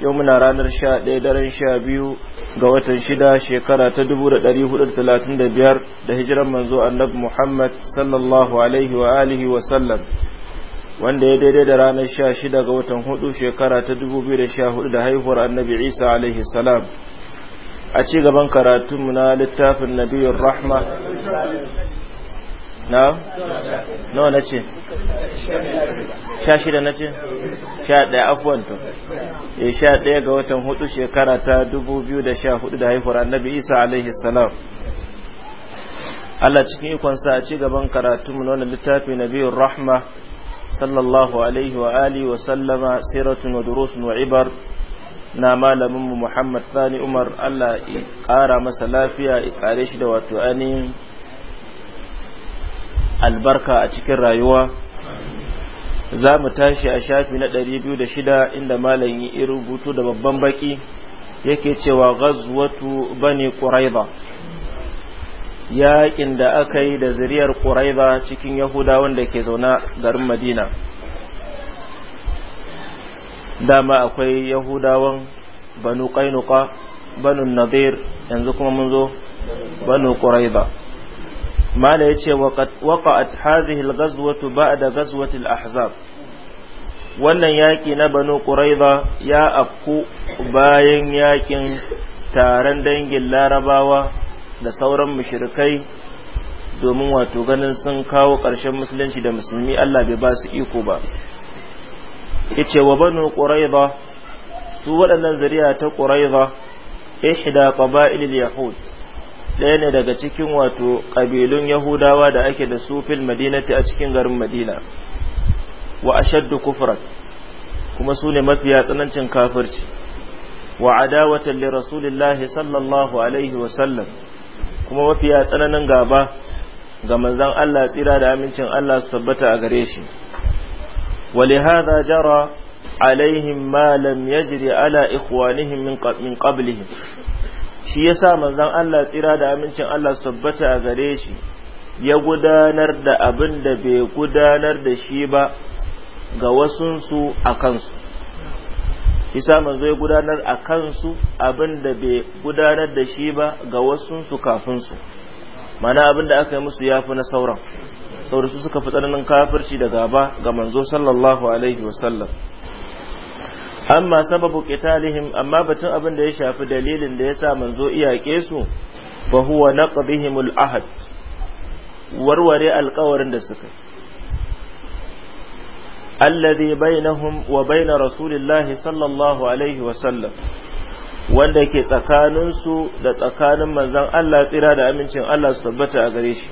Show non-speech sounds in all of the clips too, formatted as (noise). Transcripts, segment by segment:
yau muna ranar sha ɗaya daren sha biyu ga watan shida shekara ta dubu da ɗari hudu da talatin da biyar da hijiran manzo annabi muhammad sallallahu alaihi wa alihi wa sallam wanda ya daidai da ranar sha shida ga watan hudu shekara ta dubu biyu da sha hudu da haihuwar annabi isa alaihi salam a ci gaban karatunmu na littafin nabiyun rahma na nawa na ce sha shida na ce sha ɗaya afuwan to e sha ɗaya ga watan hudu shekara ta dubu biyu da sha hudu da haihuwar annabi isa alaihi salam Allah cikin ikonsa a ci gaban karatu mu nuna littafi na biyun rahma sallallahu alaihi wa ali wa sallama siratun wa durusun wa ibar na malamin mu Muhammad Sani Umar Allah ya ƙara masa lafiya ya kare shi da wato ainihin albarka a cikin rayuwa za mu tashi a shafi na biyu da shida inda malam yi rubutu da babban baki yake cewa ghazwatu bani ƙuraiba. yaƙin da aka yi da zuriyar ƙuraiba cikin yahudawan da ke zauna garin madina dama akwai yahudawan banu ƙainuka banu nadir yanzu kuma mun zo banu ƙuraiba. mala ya ce waƙa'at hazihil gazwatu da gazwatil ahzab wannan yaƙi na banu ƙuraiba ya afku bayan yaƙin taron dangin larabawa da sauran mushrikai domin wato ganin sun kawo ƙarshen musulunci da musulmi Allah bai ba su iko ba ce wa banu quraiza su waɗannan zuriya ta quraiza ihda qaba'il yahud ɗaya ne daga cikin wato kabilun yahudawa da ake da su madinati a cikin garin madina wa ashaddu kufrat kuma su ne mafiya tsanancin kafirci wa adawatan li rasulillahi sallallahu alaihi wa sallam kuma mafiya tsananin gaba ga manzon Allah tsira da amincin Allah su tabbata a gare shi wa li hadha jara alaihim ma lam yajri ala ikhwanihim min qablihim shi ya sa manzan Allah tsira da amincin Allah su tabbata a gare shi ya gudanar da abin da bai gudanar da shi ba ga wasunsu a kansu sa manzo ya gudanar a kansu abin da bai gudanar da shi ba ga wasunsu kafinsu mana abin da aka yi musu ya fi na sauran sauransu suka fi tsananin kafirci da gaba ga manzo sallallahu alaihi wasallam amma sababu qitalihim amma batun abin da ya shafi dalilin da yasa manzo iyake su fa huwa naqdihimul ahad warware alƙawarin da suka alladhi bainahum wa bain rasulillahi sallallahu alaihi wa sallam wanda ke tsakaninsu da tsakanin manzon Allah tsira da amincin Allah su tabbata a gare shi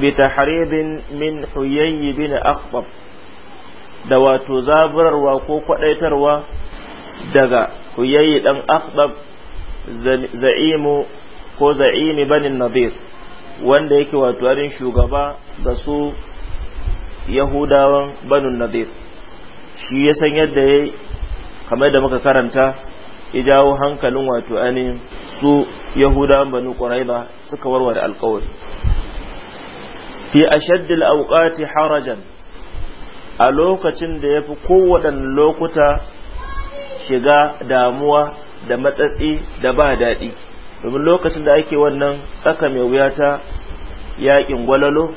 bi tahribin min huyayy bin akhtab da wato zaburarwa ko kwadaitarwa daga huyayi dan akhbab za'imu ko za'imi banin nabir wanda yake wato arin shugaba da su yahudawan banin nabir shi ya san yadda ya kamar da muka karanta ya jawo hankalin wato ani su yahudawan banu ƙuraiba suka warware alkawari fi ashaddil awqati harajan a lokacin da ya fi kowaɗanne lokuta shiga damuwa da matsatsi da ba daɗi domin lokacin da ake wannan tsaka mai wuya ta yaƙin gwalalo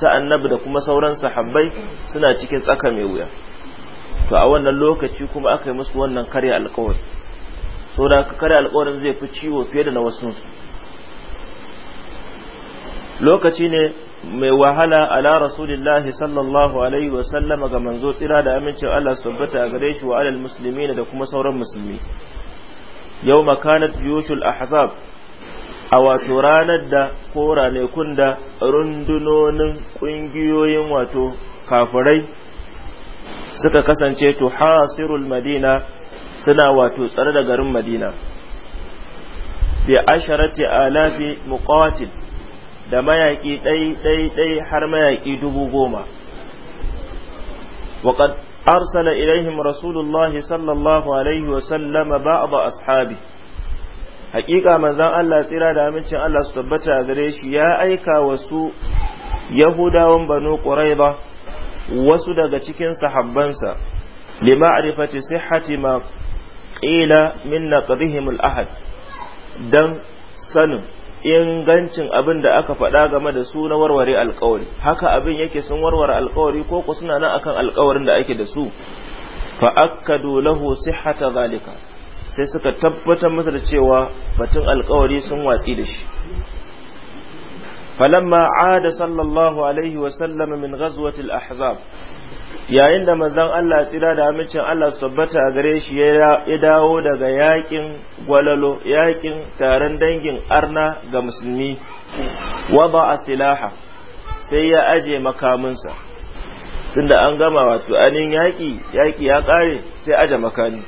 sa'annabi da kuma sauran sahabbai suna cikin tsaka mai wuya to a wannan lokaci kuma aka yi musu wannan karya alkawari so da karya alkawarin zai fi ciwo fiye da na wasu lokaci ne mai wahala ala rasulillahi sallallahu alaihi wa sallama ga manzo tsira da amincin Allah su tabbata a gare shi wa alal muslimina da kuma sauran musulmi yau makanat yushul ahzab a wato ranar da kora ne kunda rundunonin kungiyoyin wato kafirai suka kasance hasirul madina suna wato tsare da garin madina bi asharati alafi muqatil da mayaƙi ɗai-ɗai-ɗai har mayaƙi dubu goma. Waƙad arsala ilaihim Rasulullah sallallahu Alaihi wasallama ba a ashabi. Haƙiƙa manzan Allah tsira da amincin Allah su tabbata a gare shi ya aika wasu Yahudawan banu ƙurai ba, wasu daga cikin sahabbansa, lima arifati sihati ma ƙila min naqdihim al-ahad dan sanin ingancin abin da aka faɗa game da su na warware alkawari haka abin yake sun warware alkawari ko ku suna nan akan alkawarin da ake da su fa akkadu lahu sihhata zalika sai suka tabbatar masa da cewa batun alkawari sun watsi da shi falamma ada sallallahu alaihi wa sallam min ghazwati al-ahzab yayin da manzon Allah tsira da amincin Allah su tabbata a gare shi ya dawo daga yakin gwalalo yakin taron dangin arna ga musulmi wada asilaha silaha sai ya aje makaminsa tunda an gama wato anin yaki yaki ya kare sai aje makami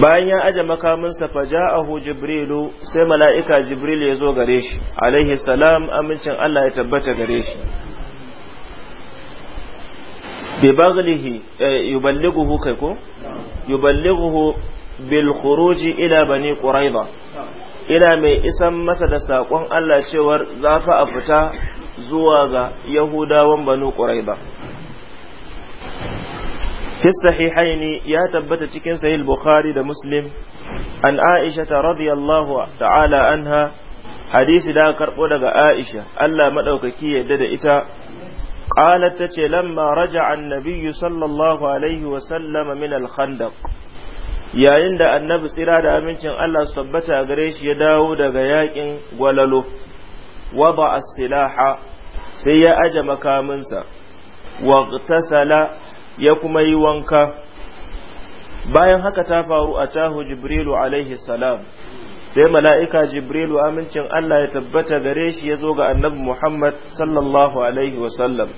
bayan ya aje makaminsa fa ja'ahu jibrilu sai mala'ika jibril ya zo gare shi alaihi salam amincin Allah ya tabbata gare shi bi baghlihi eh, yuballighuhu kai ko yuballighuhu bil khuruji ila bani ina mai isan masa da sakon Allah cewar za fa a fita zuwa ga yahudawan banu quraiba في الصحيحين يا تبت تكن سهي البخاري دا مسلم عن عائشة رضي الله تعالى عنها حديث دا كربو دا عائشة ألا مدوك كي يدد إتا qalat tace lamma raja'a annabi sallallahu alaihi wa sallam min al yayin da annabi tsira da amincin Allah su tabbata gare shi ya dawo daga yakin gwalalo wada as-silaha sai ya aje makaminsa waqtasala ya kuma yi wanka bayan haka ta faru a tahu jibrilu alaihi salam sai mala'ika jibrilu amincin Allah ya tabbata gare shi ya zo ga annabi Muhammad sallallahu Alaihi wasallam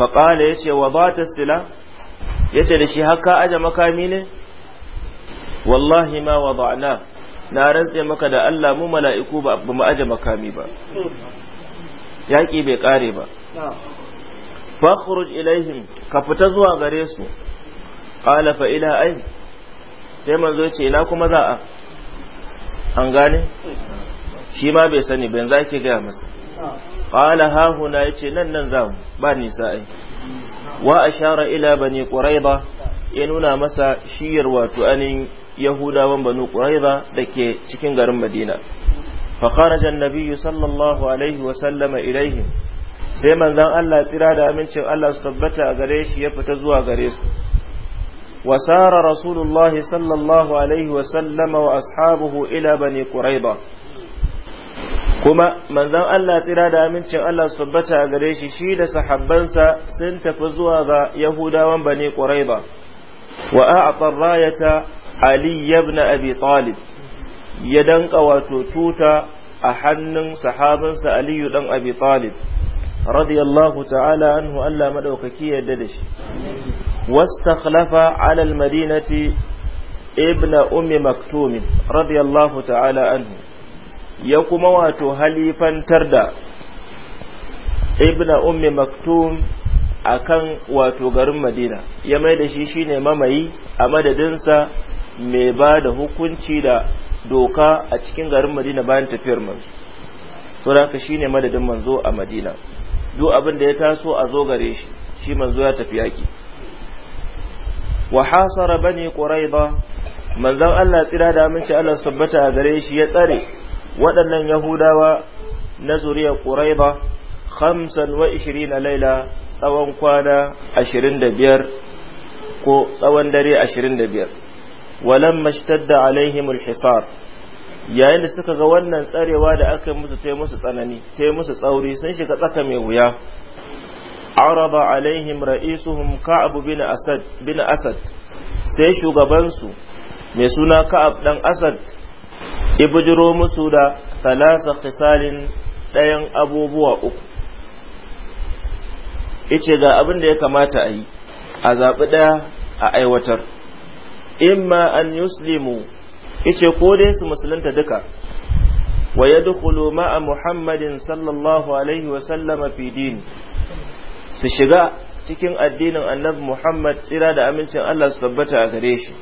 faƙala ya ce wa ba ta stila ya ce da shi haka aje makami ne wallahi ma wa ba'na na rantse maka da Allah mu mala'iku ba mu aje makami ba yaƙi bai ƙare ba fakhruj ilaihim ka fita zuwa gare su ƙala fa ila ai sai manzo ce ina kuma za a an gane shi ma bai sani ban za ki gaya masa qala ha huna yace nan nan za mu ba nisa ai wa ashara ila bani quraiba ya nuna masa shiyar wato anin yahudawan banu da ke cikin garin madina fa kharaja an sallallahu alaihi wa sallama ilaihim sai manzon Allah tsira da amincin Allah su tabbata a gare shi ya fita zuwa gare su وسار رسول الله صلى الله عليه وسلم وأصحابه إلى بني قريظة kuma manzon Allah tsira da amincin Allah su tabbata a gare shi shi da sahabbansa sun tafi zuwa ga Yahudawan Bani Quraiba wa a'ta rayata Ali ibn Abi Talib ya danƙa wato tuta a hannun sahabinsa Aliyu dan Abi Talib radiyallahu ta'ala anhu Allah madaukaki yarda da shi wastakhlafa ala almadinati ibn ummi maktum radiyallahu ta'ala anhu ya kuma wato halifantar da ibn ummi maktum akan wato garin madina ya mai da shi shine mamayi a madadinsa mai ba da hukunci da doka a cikin garin madina bayan tafiyar manzo to da shine madadin manzo a madina duk abin da ya taso a zo gare shi shi manzo ya tafi yaki wa hasara bani quraiba manzon Allah tsira da aminci Allah tabbata a gare shi ya tsare waɗannan yahudawa na zuriyar quraiba 25 laila tsawon kwana 25 ko tsawon dare 25 walamma ishtadda alaihimul hisar yayin da suka ga wannan tsarewa da aka musu ta musu tsanani ta musu tsauri sun shiga tsaka mai wuya araba alaihim ra'isuhum ka'ab bin asad bin asad sai shugabansu mai suna ka'ab dan asad ibujiro musu da talasa khisalin ɗayan abubuwa uku ice ga abin da ya kamata a yi a zaɓi ɗaya a aiwatar imma an yuslimu yace ko dai su musulunta duka wa yadkhulu ma'a muhammadin sallallahu alaihi wa sallama fi din su shiga cikin addinin annabi muhammad tsira da amincin Allah su tabbata a gare shi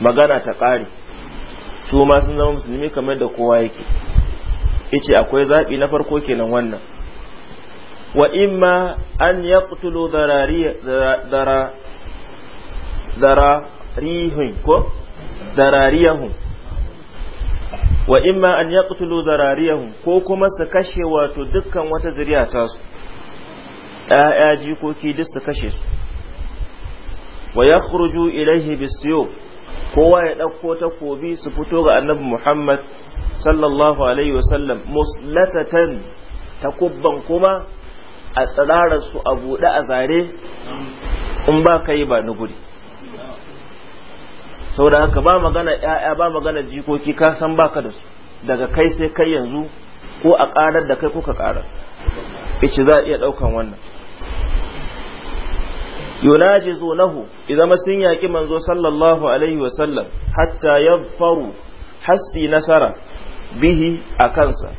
magana ta ƙare su ma sun zama musulmi kamar da kowa yake yace akwai zabi na farko kenan wannan wa imma an yaqtulu dharariya dara dara ko zarariyahum wa imma an yaqtulu zarariyahum ko kuma su kashe wato dukkan wata zuriya ta su ƴaƴa jikoki duk su kashe su wa yakhruju ilaihi bisiyo kowa ya ɗauko takobi su fito ga annabi Muhammad sallallahu alaihi wasallam muslatatan takubban kuma a tsirararsu a buɗe a zare in ba kai ba ni guri saboda haka ba magana ya'ya ba magana jikoki ka san baka da su daga kai sai kai yanzu ko a karar da kai ko ka karar ice za a iya daukan wannan nahu idan sun yaki manzo sallallahu alaihi wa sallam hatta yafaru hasi nasara bihi a kansa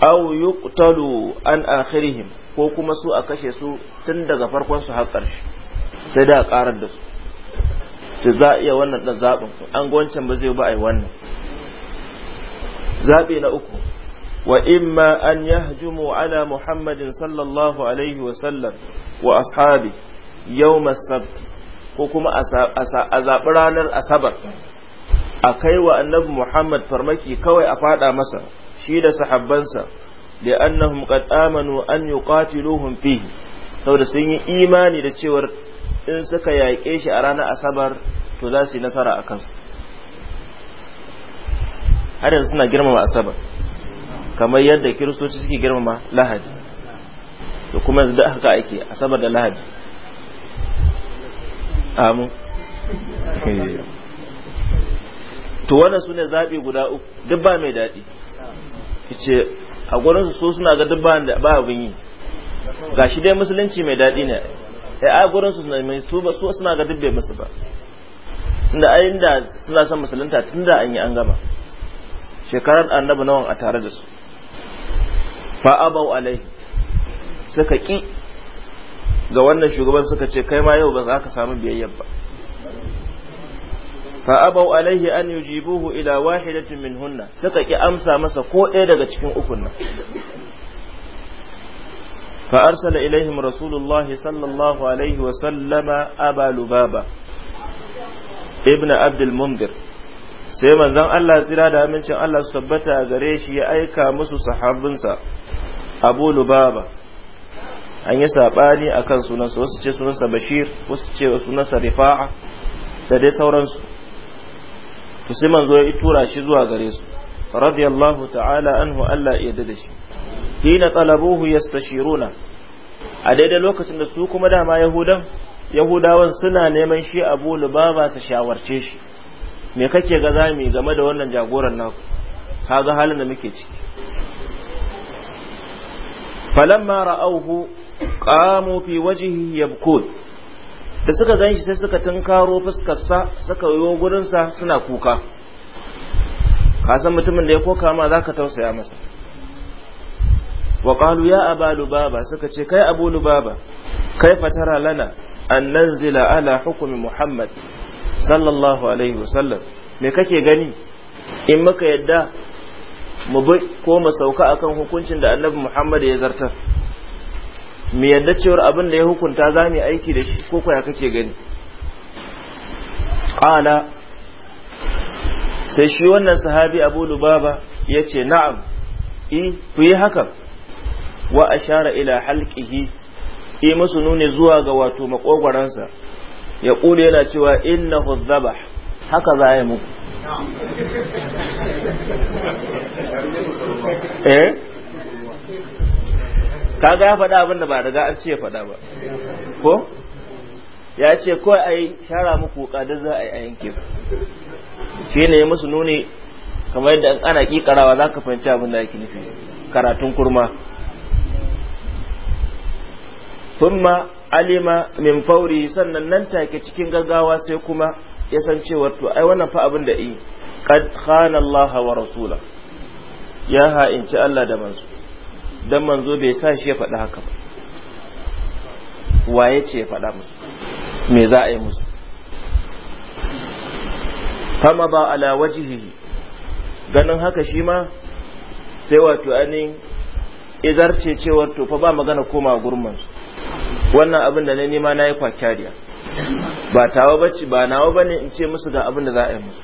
aw yuqtalu an akhirihim ko kuma su a kashe su tun daga farkon su har ƙarshe sai da karar da su da za a iya wannan ɗan zaɓin an gwancan ba zai ba a yi wannan zaɓi na uku wa imma an yahjumu ala muhammadin sallallahu alaihi wa wa ashabi yau sabti ko kuma a zaɓi ranar asabar a kai wa annabi muhammad farmaki kawai a faɗa masa shi da sahabbansa da annahum qad amanu an yuqatiluhum fihi saboda sun yi imani da cewar in suka yaƙe shi a ranar asabar to za su yi nasara a kansu har yanzu suna girmama asabar kamar yadda kiristoci suke girmama lahadi da kuma yanzu da aka ake asabar da lahadi amu to wannan su ne zaɓi guda uku duk ba mai daɗi ce a gurinsu so suna ga duk ba abin yi ga shi dai musulunci mai daɗi ne sai eh, a gurin su mai su ba su suna ga dubbe musu ba tunda ai inda suna son musulunta tunda an yi an gama shekarar annabi nawan a tare da su fa abau alai suka ki ga wannan shugaban suka ce kai ma yau ba za ka samu biyayya ba fa abau alaihi an yujibuhu ila wahidatin minhunna suka ki amsa masa ko ɗaya daga cikin ukun nan فأرسل إليهم رسول الله صلى الله عليه وسلم أبا لبابة ابن عبد المنذر sai manzon Allah tsira da amincin Allah su tabbata a gare shi ya aika musu sahabbinsa Abu Lubaba an yi sabani akan sunansa wasu ce sunansa Bashir wasu ce sunansa Rifa'a da dai sauransu to sai manzo ya tura shi zuwa gare su radiyallahu ta'ala anhu Allah ya yarda da shi hina talabuhu yastashiruna a daidai lokacin da su kuma dama yahudan yahudawan suna neman shi abu lubaba su shawarce shi me kake ga zami game da wannan jagoran naku kaga halin da muke ciki falamma ra'awhu qamu fi wajhi yabkut da suka ganshi sai suka tunkaro fuskarsa suka yiwo gurinsa suna kuka kasan mutumin da ya koka ma zaka tausaya masa wa qalu ya aba lubaba suka ce kai abu lubaba kai fatara lana an nanzila ala hukumi muhammad sallallahu alaihi wasallam me kake gani in muka yadda mu bi ko mu sauka akan hukuncin da annabi muhammad ya zartar mu yadda cewar abin da ya hukunta za mu aiki da shi ko kwaya kake gani qala sai shi wannan sahabi abu lubaba ya ce na'am E, ku yi hakan wa ashara ila halqihi yi musu nuni zuwa ga wato makogwaransa ya kula yana cewa innahu dhabah haka za yi muku (laughs) eh kaga ya faɗa abinda ba daga an ce faɗa ba ko ya ce ko a yi shara muku kada za a yi a yanke shi ne musu nuni kamar yadda ana kikarawa za ka fahimci abin da ake nufi karatun kurma thumma alima min fauri sannan nan take cikin gaggawa sai kuma ya san cewar to ai wannan fa abin da yi qad khana Allah wa rasula ya ci Allah da manzo dan manzo bai sa shi ya faɗi haka ba waye ce ya faɗa musu me za a yi musu fama ba ala wajihi. ganin haka shi ma sai wato anin ce cewar to fa ba magana koma gurmansu wannan abin da na nema na yi kwakyariya ba tawa bacci ba nawa bane in ce musu ga abin da za a yi musu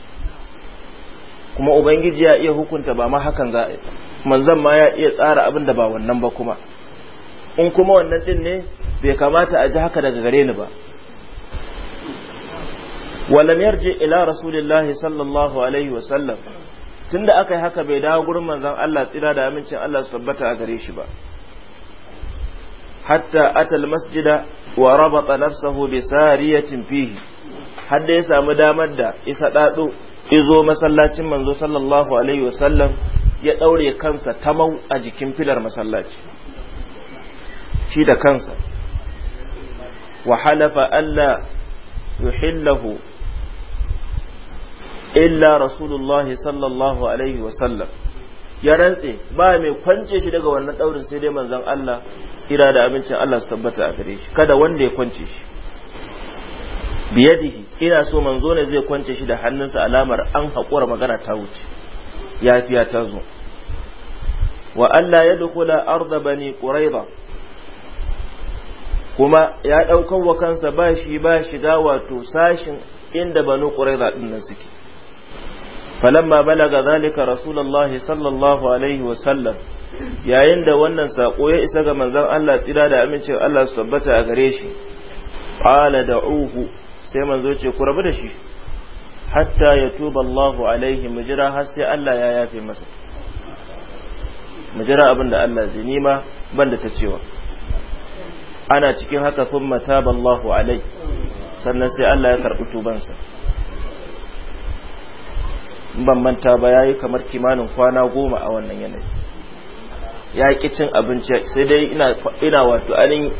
kuma ubangiji ya iya hukunta ba ma hakan za a yi manzan ma ya iya tsara abin da ba wannan ba kuma in kuma wannan din ne bai kamata a ji haka daga gare ni ba walam yarji ila rasulillahi sallallahu alaihi wa sallam tunda aka yi haka bai dawo gurin manzan Allah tsira da amincin Allah su tabbata a gare shi ba hatta atal masjida wa rabata nafsahu bi sariyatin fihi hadda ya samu damar da isa dado izo masallacin manzo sallallahu alaihi wasallam ya daure kansa ta tamau a jikin filar masallaci shi da kansa wa halafa alla yuhillahu illa rasulullahi sallallahu alaihi wasallam ya rantse ba mai kwance shi daga wannan daurin sai dai manzon Allah tsira da abincin Allah su tabbata a gare shi kada wanda ya kwance shi biyadihi ina so manzo ne zai kwance shi da hannunsa alamar an haƙura magana ta wuce yafiya ta zo wa Allah ya dukula arda bani quraiba kuma ya daukan wa kansa ba shi ba shiga wato sashin inda banu quraiba din nan suke falamma balaga zalika rasulullahi sallallahu alaihi wasallam yayin da wannan saƙo ya isa ga manzon Allah tsira da amincin Allah su tabbata a gare shi qala da'uhu sai manzo ce ku rabu da shi hatta yatuba Allahu alaihi mujira har sai Allah ya yafe masa mujira abin da Allah zai nima da ta cewa ana cikin haka thumma taba Allahu alaihi sannan sai Allah ya karbi tubansa ban manta ba yi kamar kimanin kwana goma a wannan yanayi ya ki cin abinci sai dai ina wato anin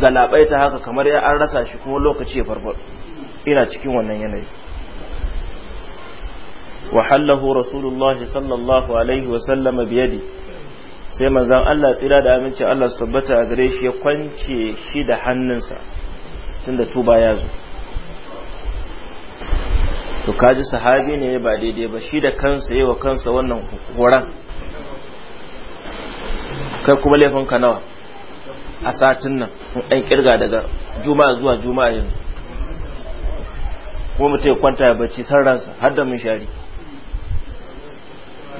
galabai ta haka kamar ya an rasa shi kuma lokaci ya farfar ina cikin wannan yanayi wahallahu rasulullahi sallallahu alaihi wasallama biyadi sai manzan Allah tsira da aminci Allah su tabbata a gare shi ya kwance shi da hannunsa tunda tuba ya zo to kaji sahabi ne ba daidai ba shi da kansa yi wa kansa wannan horon kai kuma laifin ka nawa a satin nan ɗan kirga daga juma'a zuwa juma'a yanzu kuma mutum ya kwanta ya bacci san ransa har da shari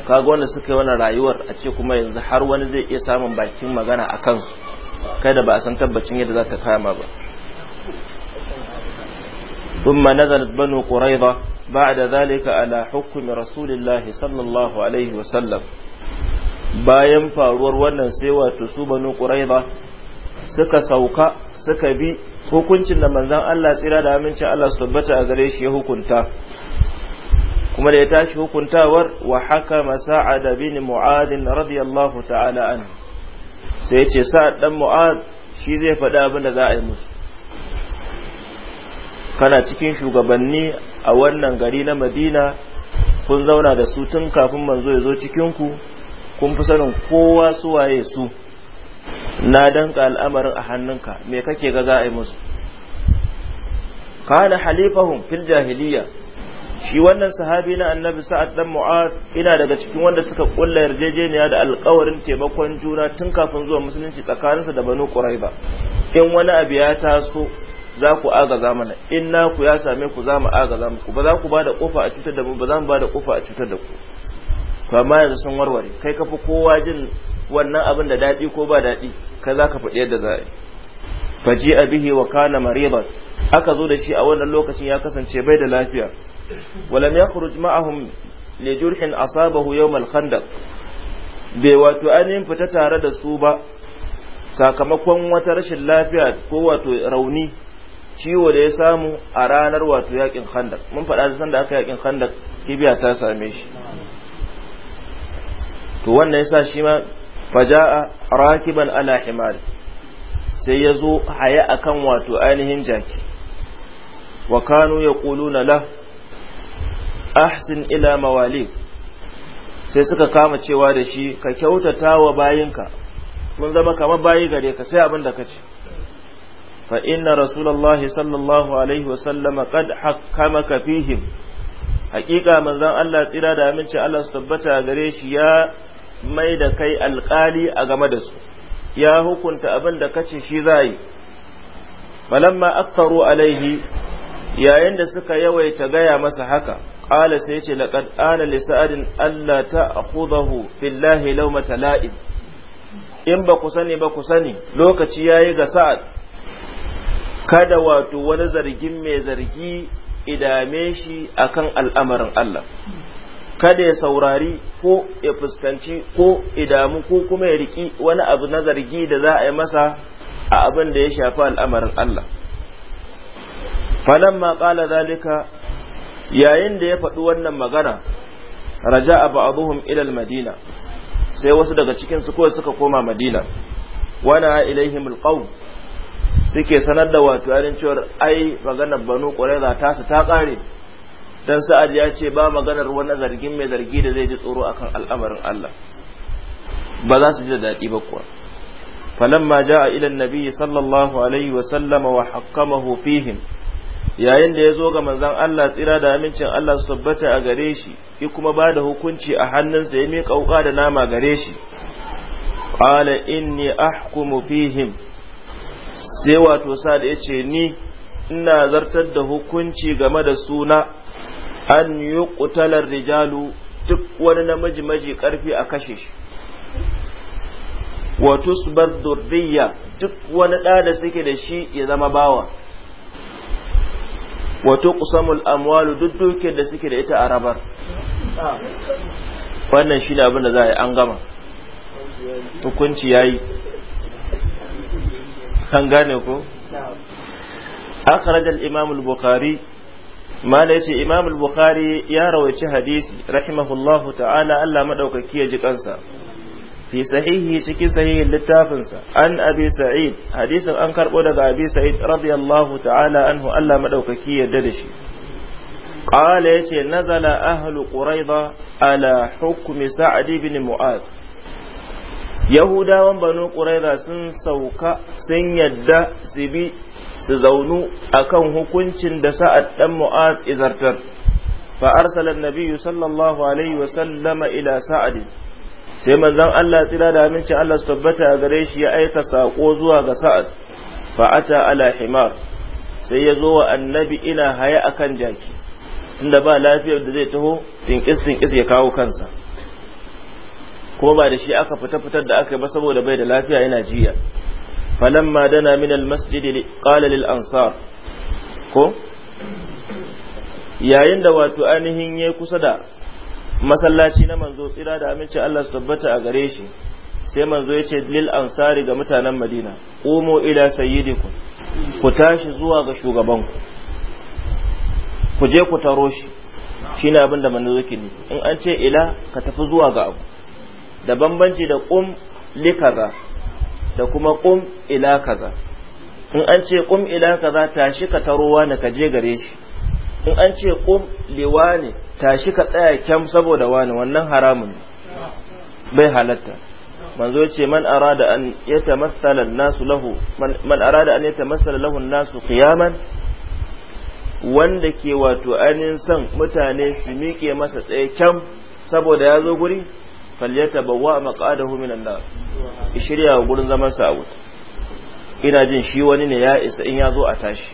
kaga wanda suka yi wani rayuwar a ce kuma yanzu har wani zai iya samun bakin magana a kansu kai da ba a san tabbacin yadda za ta kama ba ثم نزلت بنو قريظة بعد ذلك على حكم رسول الله صلى الله عليه وسلم bayan faruwar wannan sai wato su banu quraiza suka sauka suka bi hukuncin da manzon Allah tsira da amincin Allah su tabbata a gare shi ya hukunta kuma da ya tashi hukuntawar wa masa'a sa'ad bin mu'ad radiyallahu ta'ala an sai yace ce sa'ad dan mu'ad shi zai faɗi abin da za a yi musu kana cikin shugabanni a wannan gari na madina kun zauna da su tun kafin manzo ya zo cikinku kun fi sanin kowa su waye su na danka al'amarin a hannunka me kake ga za a yi musu kana halifahun fil jahiliya shi wannan sahabi na annabi sa'ad dan mu'ad ina daga cikin wanda suka kulla yarjejeniya da alƙawarin taimakon juna tun kafin zuwa musulunci tsakaninsa da banu quraiba in wani abu ya taso za ku agaza mana in ku ya same ku za mu agaza muku ba za ku ba da kofa a cutar da mu ba za mu ba da kofa a cutar da ku to amma yanzu sun warware kai ka fi kowa jin wannan abin da daɗi ko ba daɗi kai za ka faɗi yadda za a yi faji a bihi wa kana mariban aka zo da shi a wannan lokacin ya kasance bai da lafiya walam ya khuruj ma'ahum li jurhin asabahu yawm al-khandaq bai wato ainihin fita tare da su ba sakamakon wata rashin lafiya ko wato rauni ciwo da ya samu a ranar wato yakin khandak mun faɗa da sanda aka yakin khandak kibiya ta same shi to wannan yasa shi ma faja'a rakiban ala himar sai ya zo haya akan wato ainihin jaki wa kanu yaquluna la ahsin ila mawali sai suka kama cewa da shi ka kyautata wa bayinka mun zama kamar bayi gare ka sai abin da ka ce فإن رسول الله صلى الله عليه وسلم قد حكمك فيهم حقيقة من ذا الله سيرا دا من شاء الله استبتا غريش يا ميدا كي القالي أغمدس يا هو كنت أبن دا كتش شذاي فلما أكثروا عليه يا عند سكا يوي تغيا مسحكا قال سيتي لقد آن لسعد ألا تأخذه في الله لومة لائم in ba ku sani ba ku sani lokaci ya yi ga sa'ad kada wato wani zargin mai zargi idame shi akan al'amarin Allah kada ya saurari ko ya fuskanci ko idamu ko kuma ya riki wani abu na zargi da za a yi masa a abin da ya shafi al'amarin Allah falamma qala zalika yayin da ya faɗi wannan magana Raja ba'dhum ila al-madina sai wasu daga cikin su kawai suka koma madina wana ilaihim al suke sanar da wato yarin cewar ai maganar banu ƙwararra tasa ta ƙare don sa'ad ya ce ba maganar wani zargin mai zargi da zai ji tsoro akan al'amarin Allah ba za su ji da daɗi ba kuwa falamma ja'a ila annabi sallallahu alaihi wa sallama wa haqqamahu fihim yayin da ya zo ga manzon Allah tsira da amincin Allah su tabbata a gare shi ya kuma ba da hukunci a hannunsa ya miƙa wuƙa da nama gare shi qala inni ahkumu fihim sai wato sada ya ce ni ina zartar da hukunci game da suna an yi kutalar rijalu duk wani namiji maji karfi a kashe shi wato su bar durriya duk wani ɗa da suke da shi ya zama bawa wato kusamul amwalu duk dukiyar da suke da ita a rabar wannan shi ne abin da za a yi an gama hukunci ya yi kan gane ko akhraj al-imam al-bukhari mala yace imam ya rawaci hadisi rahimahullahu ta'ala Allah madaukaki ya ji fi sahihi cikin sahihin littafinsa an abi sa'id hadisin an karɓo daga abi sa'id radiyallahu ta'ala anhu Allah madaukaki yadda da shi qala yace nazala ahlu quraiza ala hukmi sa'd ibn mu'az yahudawan banu ƙuraiza sun sauka sun yadda su bi su zaunu akan hukuncin da sa'ad ɗan mu'az izartar Fa arsala nabiyu sallallahu alaihi wa sallama, ila sa'ad sai manzon Allah tsira da aminci Allah su tabbata a gare shi ya aika sako zuwa ga sa'ad Fa ata ala himar sai ya zo wa annabi ina haya akan jaki tunda ba lafiyar da zai taho tinkis tinkis ya kawo kansa kuma ba da shi aka fita fitar da aka yi ba saboda bai da lafiya yana jiya falamma dana min almasjid qala lil ansar ko yayin da wato ainihin yayi kusa da masallaci na manzo tsira da aminci Allah su tabbata a gare shi sai manzo ya ce lil ansari ga mutanen Madina qumu ila sayyidikum ku tashi zuwa ga shugabanku ku je ku taro shi shine abin da manzo yake nufi in an ce ila ka tafi zuwa ga abu da bambanci da kum li kaza da kuma kum ila kaza in an ce kum ila kaza tashi ka tarowa ka kaje gare shi in an ce kum liwa ne tashi ka tsaya kyam saboda wani wannan haramun bai halatta manzo ce man arada an yatamassala nasu lahu man arada an yatamassala lahu nasu qiyaman wanda ke wato ainihin son mutane su miƙe masa tsaye kyam saboda ya zo guri falyatabawwa maqadahu minan nar shirya gurin zaman sa a ina jin shi wani ne ya isa in ya zo a tashi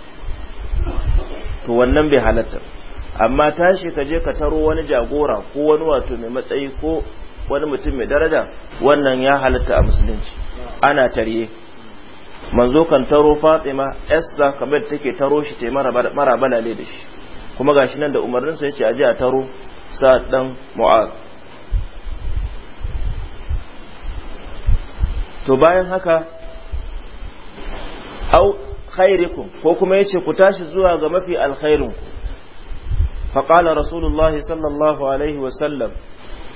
to wannan bai halatta amma tashi ka je ka taro wani jagora ko wani wato mai matsayi ko wani mutum mai daraja wannan ya halatta a musulunci ana tarye manzo kan taro fatima esther kamar take taro shi te mara balale da shi kuma gashi nan da umarninsa ya ce a je a taro sa dan Mu'adh to bayan haka au khairikum ko kuma yace ku tashi zuwa ga mafi alkhairin ku fa qala rasulullah sallallahu alaihi wa sallam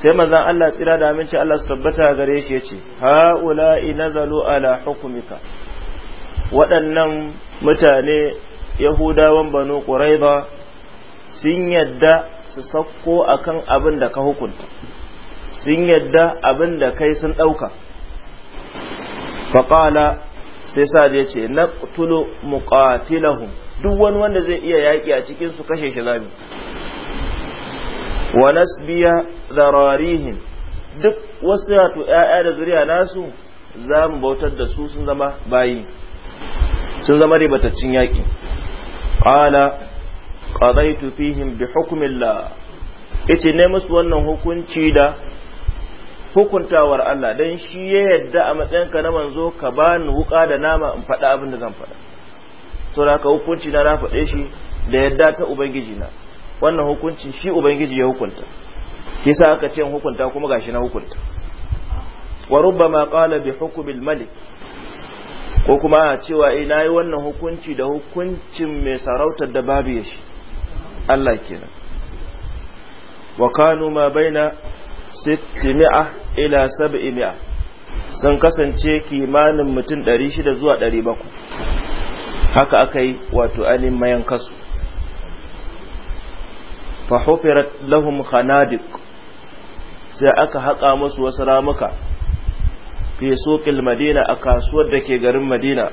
sai manzon Allah tsira da aminci Allah su tabbata gare shi yace haula inazalu ala hukumika waɗannan mutane yahudawan banu quraiba sun yadda su sakko akan abin da ka hukunta sun yadda abin da kai sun ɗauka faƙala sai sa ya ce na ƙutulu muƙatilahum duk wani wanda zai iya yaƙi a cikin su kashe shi zami wa nasbiya zararihin duk wasu wato ‘ya'ya da zuriya nasu za mu bautar da su sun zama bayi sun zama ribataccin yaƙi ƙala ƙazaitu fihim bi la ita ne musu wannan hukunci da hukuntawar Allah dan shi ya yadda a matsayinka na manzo ka ba ni wuka da nama in faɗa abin da zan faɗa da ka hukunci na na faɗe shi da yadda ta ubangiji na wannan hukunci shi ubangiji ya hukunta sa aka ce hukunta kuma gashi na hukunta wa rubbama qala bi hukmil malik ko kuma a cewa eh nayi wannan hukunci da hukuncin mai sarautar da babu yashi Allah kenan wa kanu ma baina 600 ila 700 sun kasance kimanin mutum 600 zuwa 700 haka aka yi wato alin mayan kasu fahofirat lahum khanadik sai aka haƙa musu wasu ramuka fi soƙil madina a kasuwar da ke garin madina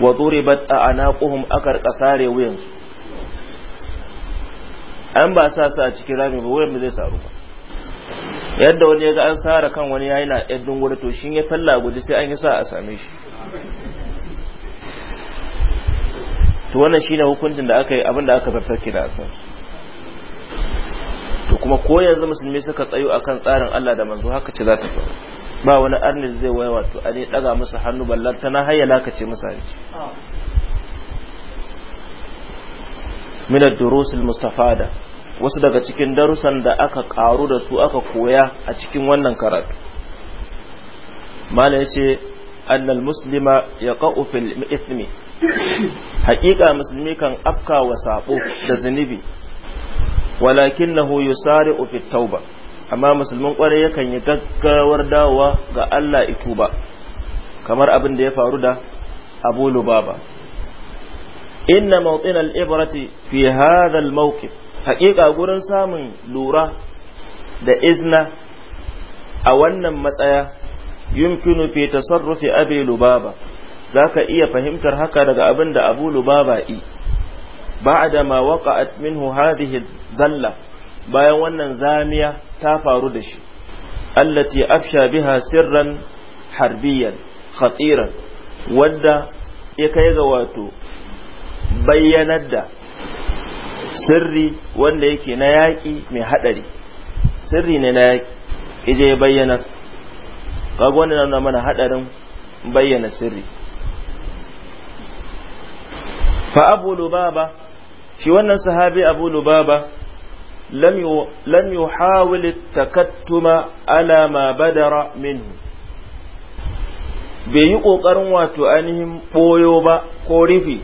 wa duribat a anaquhum akar kasare wuyansu an ba sa su a cikin rami ba wuyan zai saru yadda wani ya ga an sara kan wani ya yi na ɗin wuri to shi ya falla guji sai an yi sa a same shi to wannan shine hukuncin da aka yi abin da aka farfarki da aka to kuma ko yanzu musulmi suka tsayo akan tsarin Allah da manzo haka ce za ta faru ba wani arni zai waya wato a ne daga musu hannu ballar ta na hayya ka ce musu hanci min ad-durus al-mustafada wasu daga cikin darussan da aka karu da su aka koya a cikin wannan karatu malai ya ce annal muslima ya fil ismi haƙiƙa musulmi kan afka wa sabo da zunubi walakin na hoyo sare ofit tauba amma musulmin kwarai yakan yi gaggawar dawowa ga Allah ba. kamar abin da ya faru da abu lubaba inna mawqin al-ibrati fi hadha al haƙiƙa gurin samun lura da izna a wannan matsaya yumkinu fi tasarrufi abi lubaba zaka iya fahimtar haka daga abin da abu lubaba i ba'da ma waqa'at minhu hadhihi zalla bayan wannan zamiya ta faru da shi allati afsha biha sirran harbiyan khatiran wadda ya kai ga wato bayyanar da sirri wanda yake na yaƙi mai haɗari sirri ne na yaƙi ije ya bayyana kaga wanda na mana haɗarin bayyana sirri fa abu lubaba shi wannan sahabi abu lubaba lam yuhawil takattuma ala ma badara minhu bai yi ƙoƙarin wato ainihin ɓoyo ba ko rufi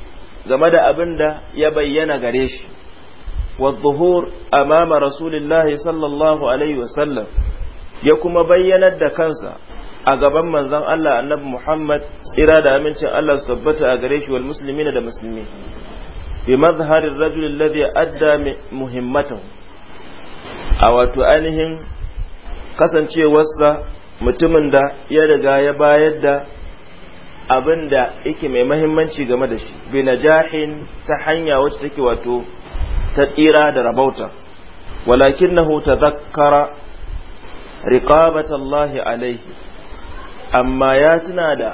game da abin da ya bayyana gare shi والظهور أمام رسول الله صلى الله عليه وسلم يكما بينا دكانسا أقبا من ذن الله النبي محمد إرادة من شأن الله سبت أقريش والمسلمين دا مسلمين بمظهر الرجل الذي أدى مهمته أو تؤنهم kasance wasa mutumin da ya riga ya bayar da abin da yake mai mahimmanci game da shi bi najahin ta hanya wacce take wato ta tsira da rabauta walakinahu tadhakkara riqabata Allah alaihi amma ya tuna da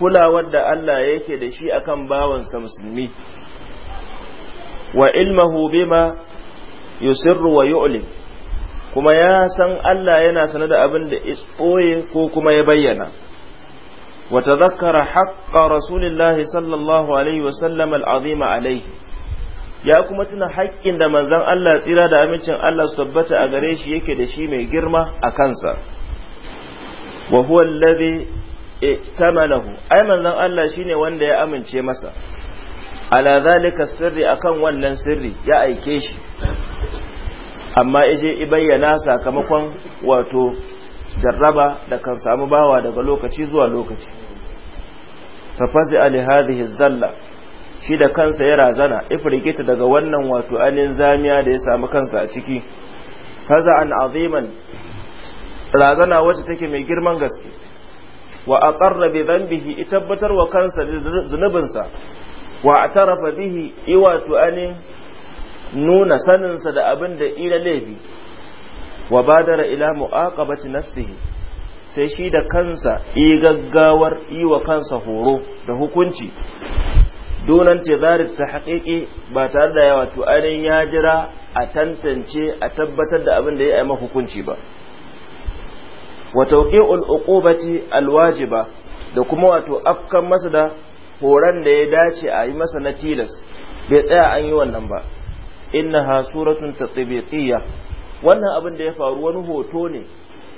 kulawar da Allah yake da shi akan bawansa musulmi wa ilmahu bima yusirru wa yuli kuma ya san Allah yana sanar da abin da ɓoye ko kuma ya bayyana wa tadhakkara haqqa rasulillahi sallallahu alaihi wa sallam al-azima alaihi ya kuma tuna haƙƙin da manzan Allah tsira da amincin Allah su tabbata a gare shi yake da shi mai girma a kansa wa huwa allazi i'tamalahu ai manzan Allah shine wanda ya amince masa ala zalika sirri akan wannan sirri ya aike shi amma ije i bayyana sakamakon wato jarraba da kan samu bawa daga lokaci zuwa lokaci fa fazi ali hadhihi zalla shi da kansa ya razana ifirgita daga wannan wato anin zamiya da ya samu kansa a ciki faza an aziman razana wacce take mai girman gaske wa aqarra bi dhanbihi tabbatar wa kansa da zunubinsa wa atarafa bihi i wato anin nuna saninsa da abin da ila laifi wa badara ila muaqabati nafsihi sai shi da kansa i gaggawar yi wa kansa horo da hukunci dunan tezarit ta haƙiƙi ba tare da yawa to ya jira a tantance a tabbatar da abin da ya yi hukunci ba wa tauqi'ul alwaji ba da kuma wato afkan masa da horan da ya dace a yi masa na tilas bai tsaya an yi wannan ba ha suratun tatbiqiyya wannan abin da ya faru wani hoto ne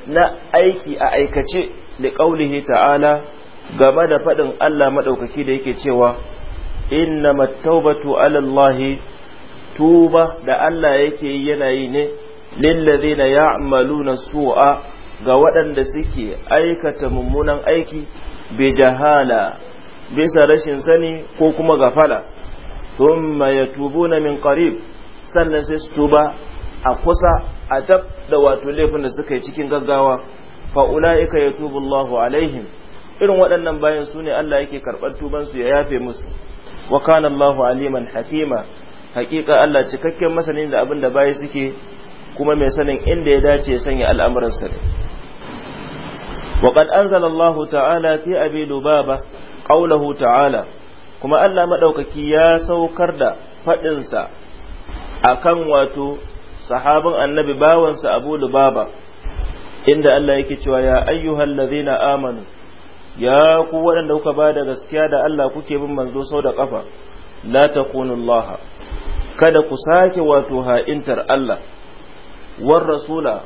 na aiki a aikace da qaulihi ta'ala game da faɗin Allah madaukaki da yake cewa innama taubatu ala tuba da Allah yake yi yana yi ne lillazina ya'maluna su'a ga waɗanda suke aikata mummunan aiki bi jahala bisa rashin sani ko kuma gafala thumma yatubuna min qarib sannan sai su tuba a kusa a tab da wato laifin da suka yi cikin gaggawa fa ulaika yatubu Allahu alaihim irin waɗannan bayan su ne Allah yake karɓar tubansu ya yafe musu wa kana Allahu aliman hakima hakika Allah cikakken masanin da abin da bayi suke kuma mai sanin inda ya dace ya sanya al'amuran sa ne wa qad anzala Allahu ta'ala fi abi lubaba qawluhu ta'ala kuma Allah madaukaki ya saukar da fadin sa akan wato sahabin annabi bawansa abu lubaba inda Allah yake cewa ya ayyuhallazina amanu ya ku waɗanda kuka ba da gaskiya da Allah kuke bin manzo sau da ƙafa la takunu Allah kada ku sake wato ha'intar Allah war rasula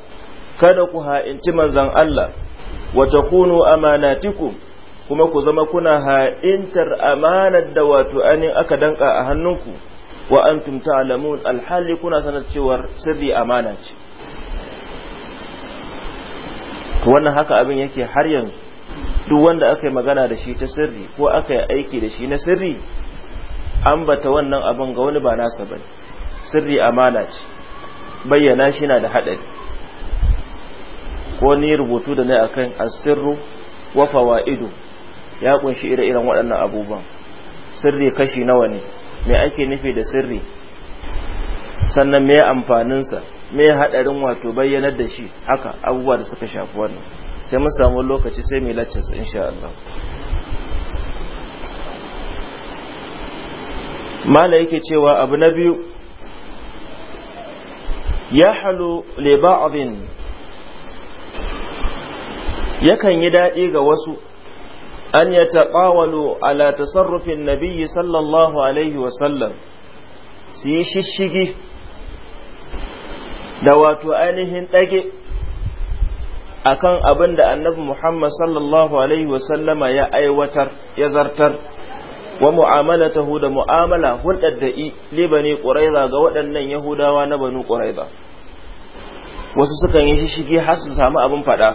kada ku ha'inci manzon Allah wa kunu amanatikum kuma ku zama kuna ha'intar amanar da wato anin aka danka a hannunku wa antum ta'lamun alhali kuna sanar cewar sirri amanaci. ce wannan haka abin yake har yanzu duk wanda aka yi magana da shi ta sirri ko aka yi aiki da shi na sirri an bata wannan abin ga wani ba nasa bane sirri amana ce bayyana shi na da haɗari ko ni rubutu da na akan asirru wa ido ya kunshi ire-iren waɗannan abubuwan sirri kashi nawa ne mai ake nufi da sirri sannan me amfaninsa mai haɗarin wato bayyanar da shi haka abubuwa da suka shafi wannan sai mun samu lokaci sai mai laccinsa insha Allah mala yake cewa abu na biyu ya halu abin yakan yi daɗi ga wasu an ya taɓawalu ala tasarrufin nabiyyi sallallahu alaihi wasallam su yi shishigi da wato ainihin ɗage akan abin da annabi Muhammad sallallahu alaihi wasallama ya aiwatar ya zartar wa mu'amalatahu da mu'amala hulɗar da i libani ƙuraiza ga waɗannan yahudawa na banu ƙuraiza wasu sukan yi shishigi har su samu abin faɗa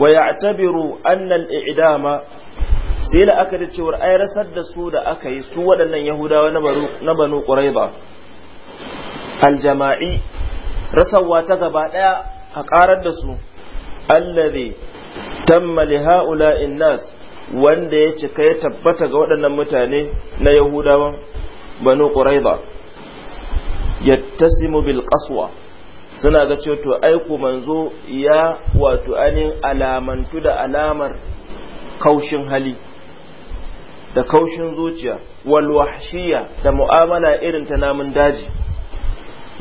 wa ya'tabiru anna al-i'dama sai la'akari cewar ai rasar da su da aka yi su waɗannan yahudawa na banu ƙuraiza al-jama'i rasarwa ta gaba ɗaya a ƙarar da su allazi tammali haula innas nas wanda ya cika ya tabbata ga waɗannan mutane na yahudawa banu quraiba yattasimu bil qaswa suna ga cewa to aiko manzo ya wato anin alamantu da alamar kaushin hali da kaushin zuciya wal wahshiya da mu'amala irin ta namun daji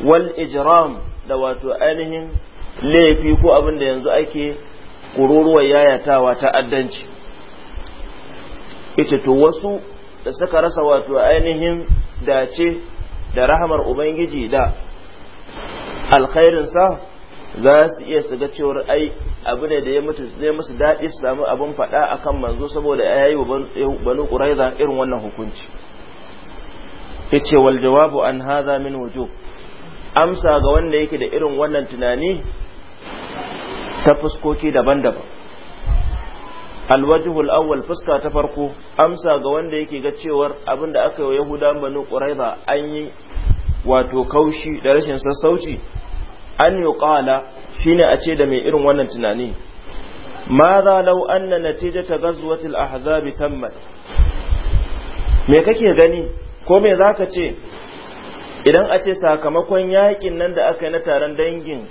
wal ijram da wato ainihin laifi ko abin da yanzu ake kururuwar yayatawa ta addanci ita to wasu da suka rasa wato ainihin dace da rahamar ubangiji da alkhairinsa za su iya su ga cewar ai abu ne da ya mutu musu daɗi su samu abin faɗa akan manzo saboda ya yi wa banu irin wannan hukunci ya ce wal jawabu an haza min wujub amsa ga wanda yake da irin wannan tunani ta fuskoki daban-daban alwajihul awwal fuska ta farko amsa ga wanda yake ga cewar abinda aka yi wa yahuda banu quraiza an yi wato kaushi da rashin sassauci an yi qala shine a ce da mai irin wannan tunani za lau anna natijata ghazwati al-ahzab tammat me kake gani ko me zaka ce idan a ce sakamakon yaƙin nan da aka yi na taron dangin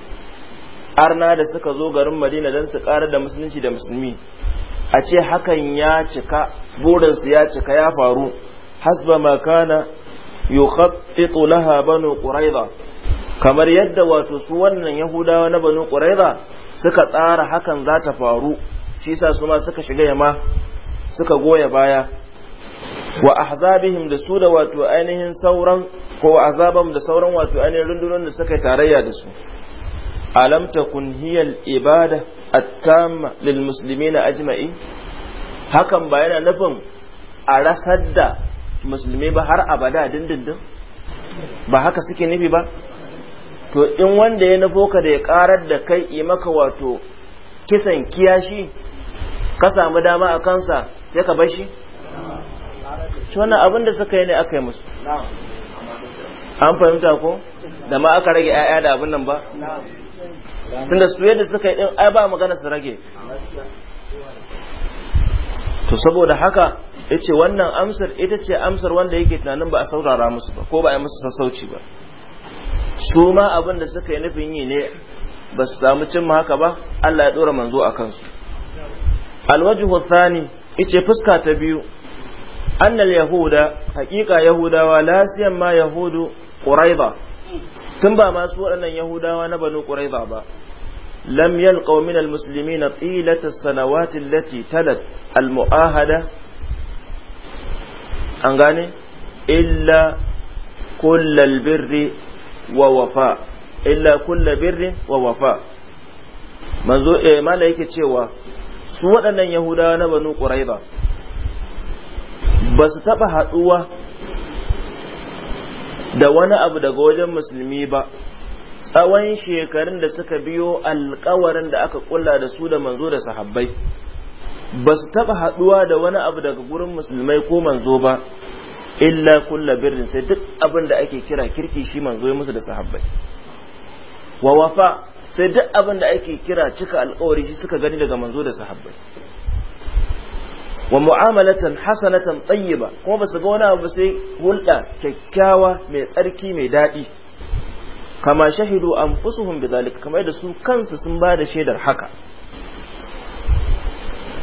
arna da suka zo garin madina don su ƙara da musulunci da musulmi a ce hakan ya cika burinsu ya cika ya faru hasba makana yukhaffitu laha banu quraiza kamar yadda wato su wannan yahudawa na banu quraiza suka tsara hakan za ta faru shi sa su ma suka shiga yama suka goya baya wa ahzabihim da su da wato ainihin sauran ko azabam da sauran wato ainihin rundunar da suka tarayya da su alam takun hiyal ibada at-tamma lil muslimina ajma'i hakan ba yana nufin a rasar da musulmi ba har abada dindindin ba haka suke nufi ba to in wanda ya nufo ka da ya karar da kai yi maka wato kisan kiyashi ka samu dama a kansa sai ka bashi shi wannan abin da suka yi ne aka yi musu an fahimta ko da ma aka rage 'ya'ya da abin nan ba tunda su yadda suka yi din ai ba magana su rage to saboda haka yace wannan amsar ita ce amsar wanda yake tunanin ba a saurara musu ba ko ba a yi musu sassauci ba su ma abin da suka yi nufin yi ne ba su samu cimma haka ba Allah ya dora manzo a kansu alwajhu thani yace fuska ta biyu annal yahuda haƙiƙa yahudawa lasiyan ma yahudu ƙuraiba tun ba masu waɗannan yahudawa na banu ƙuraiba ba Lamyar yalqaw min almuslimina tilat as-sanawat allati talat almu'ahada an gane illa kullal birri wa wafa illa kullal birri wa wafa manzo yake cewa su waɗannan yahudawa na banu ƙuraiba ba su taɓa haɗuwa da wani abu daga wajen musulmi ba tsawon shekarun da suka biyo alkawarin da aka kulla da su da manzo da sahabbai ba su taɓa haɗuwa da wani abu daga gurin musulmai ko manzo ba illa kulla birnin sai duk abin da ake kira kirki shi manzo ya musu da sahabbai wa wafa sai duk abin da ake kira cika alkawari shi suka gani daga manzo da sahabbai wa mu'amalatan hasanatan tayyiba kuma basu ga wani abu sai hulɗa kyakkyawa mai tsarki mai daɗi kama shahidu anfusuhum bidhalika kamar da su kansu sun ba da shaidar haka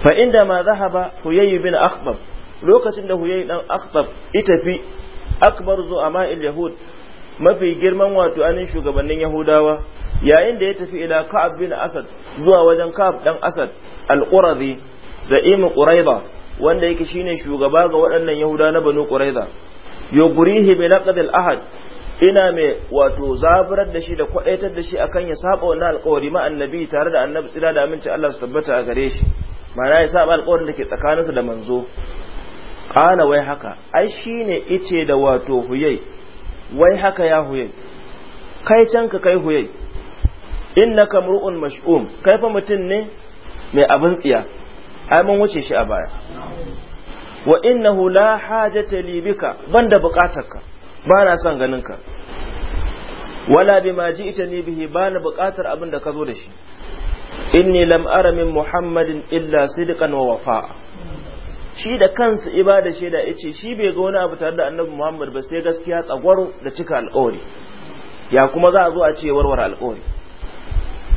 fa inda ma zahaba huyay bin akhbab lokacin da huyay dan akhbab itafi akbar zu'ama'il yahud mafi girman wato anin shugabannin yahudawa yayin da ya tafi ila ka'ab bin asad zuwa wajen ka'ab dan asad al-qurazi za'imu quraiba wanda yake shine shugaba ga waɗannan yahuda na banu quraiza yugrihi bi laqad al ahad ina mai wato zaburar da shi da kwadaitar da shi akan ya saba wannan alƙawari ma annabi tare da annabi tsira da aminci Allah su tabbata a gare shi ma'ana ya saba alƙawarin da ke tsakaninsa da manzo qala wai haka ai shine ice da wato huyai wai haka ya huyai kai can ka kai huyai innaka mur'un mash'um kai fa mutum ne mai abin tsiya ai mun wuce shi a baya wa innahu la hajata li bika banda ka. ba na son ganin ka wala bima ji'ta ni bihi ba na bukatar abin da ka zo da shi inni lam ara min muhammadin illa sidqan wa wafa'a shi da kansa ibada shaida yace shi bai ga wani abu tare da annabi muhammad ba sai gaskiya tsagwaro da cika alƙawari ya kuma za a zo a ce warware alƙawari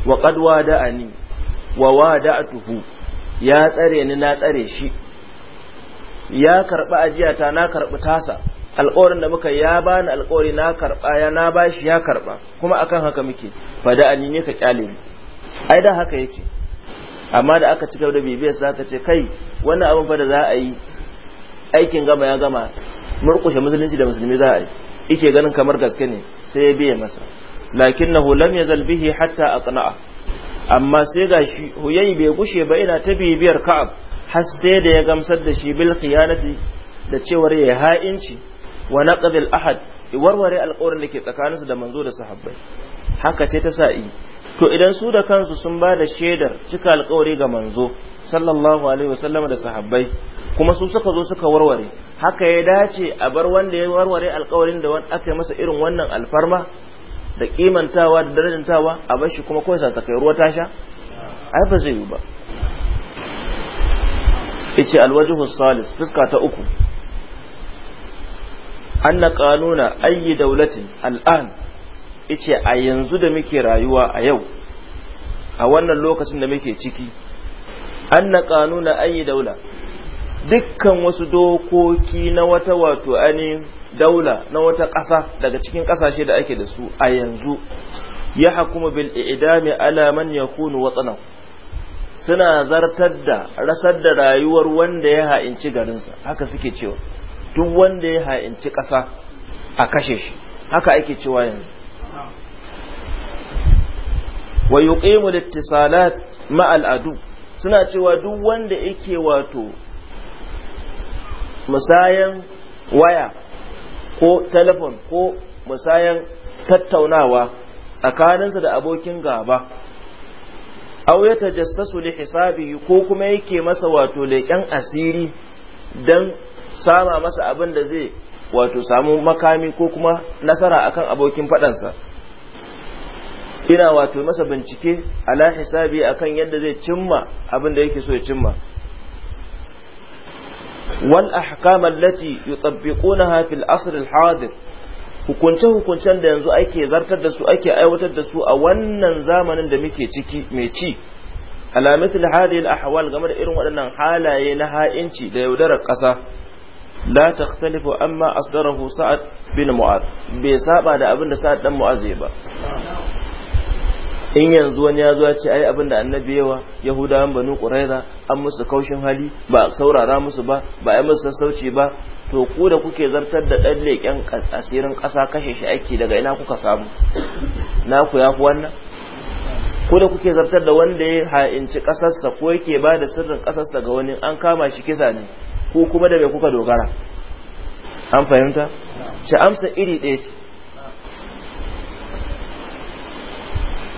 wa qad wada'ani wa wada'atuhu ya tsare ni na tsare shi ya karɓi ajiyata na karɓi tasa alƙawarin da muka ya bani alƙawari na karɓa ya na bashi ya karɓa kuma akan haka muke fada da ne ka kyale ni ai da haka yace amma da aka cika da bibiyar za ka ce kai wannan abin fa da za a yi aikin gama ya gama murƙushe musulunci da musulmi za a yi yake ganin kamar gaske ne sai ya biye masa lakinnahu lam yazal bihi hatta aqna'a amma sai ga shi huyai bai gushe ba ina ta bibiyar ka'ab har sai da ya gamsar da shi bil khiyanati da cewar ya ha'inci wa naqd al ahad warware alƙawarin da ke tsakaninsu da manzo da sahabbai haka ce ta sa'i to idan su da kansu sun ba da shaidar cika alƙawari ga manzo sallallahu alaihi wasallam da sahabbai kuma su suka zo suka warware haka ya dace a bar wanda ya warware alƙawarin da aka masa irin wannan alfarma da kimantawa da darajantawa a bar shi kuma kawai sasakai ruwa ta sha ai ba zai yi ba ice alwajihu salis fuska ta uku anna qanuna ayi daulatin al'an ice a yanzu da muke rayuwa a yau a wannan lokacin da muke ciki anna qanuna ayi daula dukkan wasu dokoki na wata wato ainihin daula na wata ƙasa daga cikin ƙasashe da ake da su a yanzu ya hakumu bil idami ala man yakunu watsana suna zartar da rasar da rayuwar wanda ya ha'inci garinsa haka suke cewa duk wanda ya ha'inci ƙasa a kashe shi haka ake cewa yanzu wa yuqimu littisalat ma al'adu suna cewa duk wanda yake wato musayan waya ko telefon ko musayan tattaunawa tsakaninsa da abokin gaba aw ya tajassasu li hisabi ko kuma yake masa wato leƙen asiri dan sama masa abin da zai wato samu makami ko kuma nasara akan abokin faɗansa ina wato masa bincike ala hisabi akan yadda zai cimma abin da yake so ya cimma والأحكام التي يطبقونها في العصر الحاضر hukunce-hukuncen da yanzu ake zartar da su ake aiwatar da su a wannan zamanin da muke ciki mai ci alamisul hadil ahwal game da irin waɗannan halaye na ha'inci da yaudarar ƙasa la takhtalifu amma asdarahu sa'ad bin mu'az bai saba da abin da sa'ad dan mu'az ba in yanzu wani ya zo ce ai abin da annabi yawa yahudawan banu quraiza an musu kaushin hali ba saurara musu ba ba ai musu sassauci ba to ku da kuke zartar da dan leken asirin kasa kashe shi aiki daga ina kuka samu na ku ya ku wannan ko da kuke zartar da wanda ya ha'inci kasarsa ko yake ba da sirrin kasarsa ga wani an kama shi kisa ne ko kuma da bai kuka dogara an fahimta ci amsa iri ɗaya ce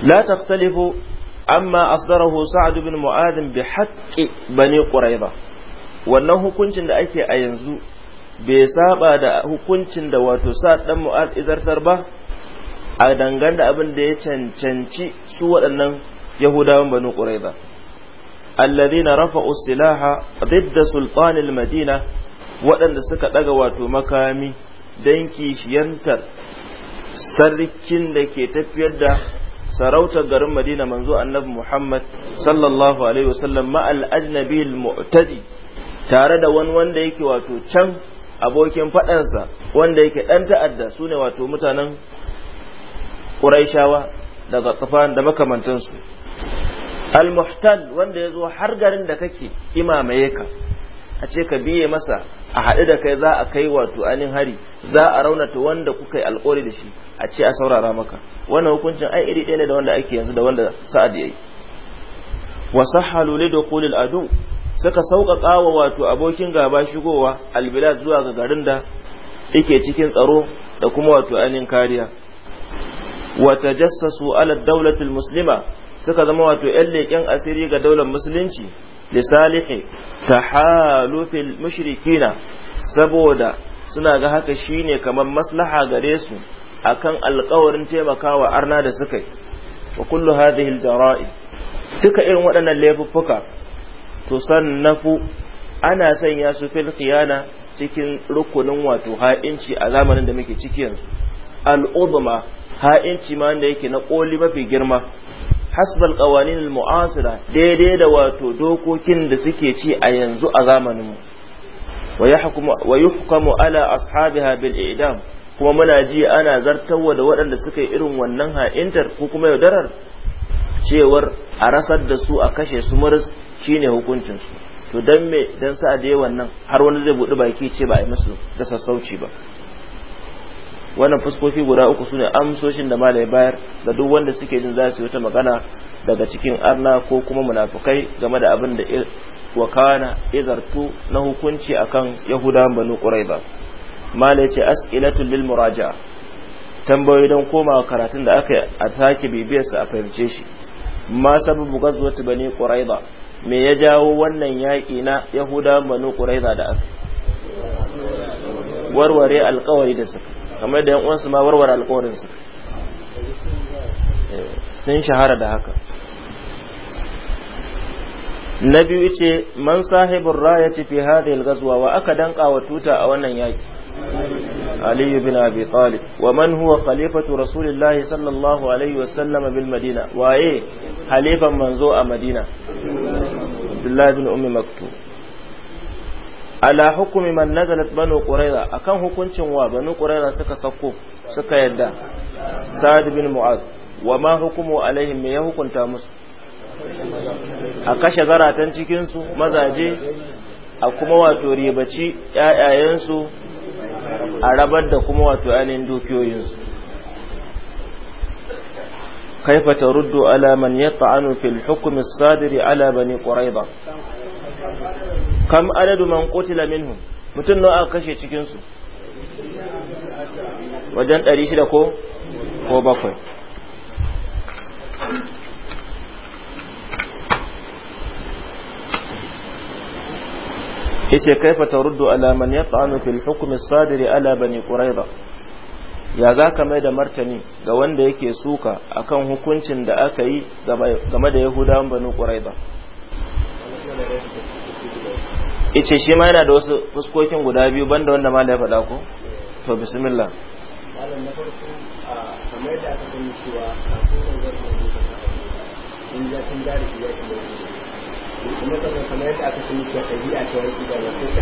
لا تختلف عما أصدره سعد بن معاذ بحق بني قريظة wannan hukuncin da ake a yanzu bai saba da hukuncin da wato sa dan mu'az izartar ba a dangan da abin da ya cancanci su waɗannan yahudawan banu quraiza alladhina rafa'u silaha didda sultan madina waɗanda suka daga wato makami dan kishiyantar sarkin da ke tafiyar da sarautar garin madina manzo annabi muhammad sallallahu alaihi wasallam ma'al ajnabi mu'tadi tare da wani wanda yake wato can abokin faɗansa wanda yake ɗan ta'adda su ne wato mutanen ƙuraishawa daga ƙafa da makamantansu al-muhtal wanda ya zo har garin da kake imamaye ka a ce ka biye masa a haɗu da kai za a kai wato anin hari za a raunata wanda kuka yi alƙawari da shi a ce a saurara maka wannan hukuncin ai iri ɗaya ne da wanda ake yanzu da wanda sa'ad ya yi. wa sahhalu li dukhulil adu suka sauƙaƙa wa wato abokin gaba shigowa albilad zuwa ga garin da yake cikin tsaro da kuma wato anin kariya Wata tajassasu ala daulatil muslima suka zama wato yan leƙen asiri ga daular musulunci لصالح تحالف mushrikina saboda suna ga haka shine kamar maslaha gare su akan alkawarin taimakawa arna da suka yi wa kullu hadhihi aljara'i duka irin waɗannan laifuffuka to sannafu ana sanya su fil khiyana cikin rukunin wato ha'inci a zamanin da muke ciki yanzu al'udma ha'inci ma wanda yake na koli mafi girma hasbal kawanin muasira daidai da wato dokokin da suke ci a yanzu a zamanin mu wa yuhkamu ala ashabiha bil i'dam kuma muna ji ana zartawa da waɗanda suka yi irin wannan ha'intar ko kuma yaudarar cewar a rasar da su a kashe su maris shine hukuncin su to dan me dan sa da yawan nan har wani zai buɗe baki ce ba a yi musu da sassauci ba wannan fuskoki guda uku sune amsoshin da malai bayar da duk wanda suke jin za su yi wata magana daga cikin arna ko kuma munafukai game da abin da wakana izartu na hukunci akan Yahuda banu quraiba malai ce as'ilatul lil muraja tambayoyi don koma karatun da aka a sake bibiyar sa a fahimce shi ma sababu gazwatu bani quraiba me ya jawo wannan yaki na Yahuda banu quraiba da aka warware alƙawari da suka kamar da yan uwansu ma warware alƙawarin su eh, sun shahara da haka na biyu ce man sahibin rayati fi hadhihi al-ghazwa wa aka danka wa tuta a wannan yaki aliyu bin Abi Talib wa man huwa khalifatu Rasulillahi sallallahu alaihi wa sallama bil Madina waye halifan manzo a Madina abdullahi bin Ummi maktu. ala hukumi man nazalat banu qurayza akan hukuncin wa banu qurayza suka sako suka yadda sa'ad bin mu'ad wa ma hukumu alaihim me ya hukunta musu a kashe zaratan cikin su mazaje a kuma wato ribaci ƴaƴayensu a rabar da kuma wato dukiyoyin dukiyoyinsu kaifa taruddu ala man yata'anu fil hukmi as-sadiri ala bani qurayza kam adadu man qutila minhum mutum nawa aka kashe cikin su wajen 600 ko ko bakwai yace kaifa taruddu ala man yat'anu fil hukm as-sadir ala bani quraiba ya zaka mai da martani ga wanda yake suka akan hukuncin da aka yi game da yahudawan bani quraiba ice shi ma yana da wasu fuskokin guda biyu banda wanda ma ya faɗa ko to bismillah kamar da aka cewa ya ya da kuma da ya a kasa ya ya da da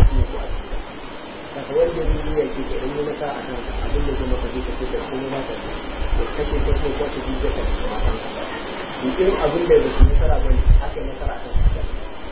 kuma da ko a kanka in irin da ya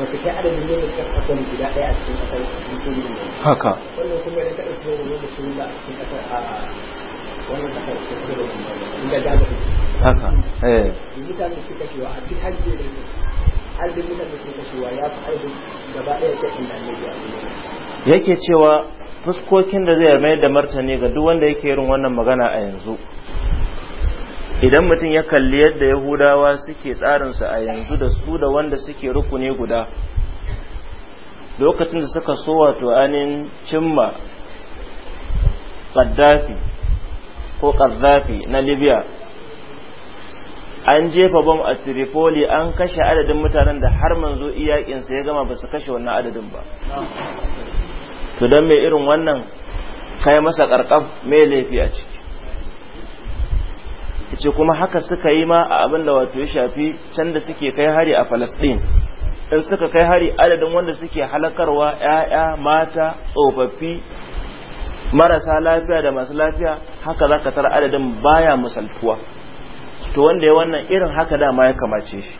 wacce kai adadin ne da kasar guda ɗaya a cikin ƙasar mutum ne haka wannan kuma da kaɗa cikin wani musulmi ba a cikin kasar a wannan kasar ta cikin wani inda da ga haka eh mutane da suka shiwa a cikin hajji ne adadin mutane da suka shiwa ya fi adadin gaba ɗaya ta inda ne yake cewa fuskokin da zai mayar da martani ga duk wanda yake irin wannan magana a yanzu idan mutum ya kalli yadda yahudawa suke tsarinsu a yanzu da su da wanda suke rukuni guda lokacin da suka so wato anin cimma Qaddafi ko Qaddafi na Libya an jefa bom a Tripoli an kashe adadin mutanen da har manzo iyakinsa ya gama ba su kashe wannan adadin ba to don mai irin wannan kai masa karkaf mai laifi a ciki. yace kuma haka suka yi ma a abin da wato ya shafi can da suke kai hari a Falastin in suka kai hari adadin wanda suke halakarwa ‘ya'ya mata tsofaffi marasa lafiya da masu lafiya haka za ka tara adadin baya musaltuwa. to wanda ya wannan irin haka dama ya kamace shi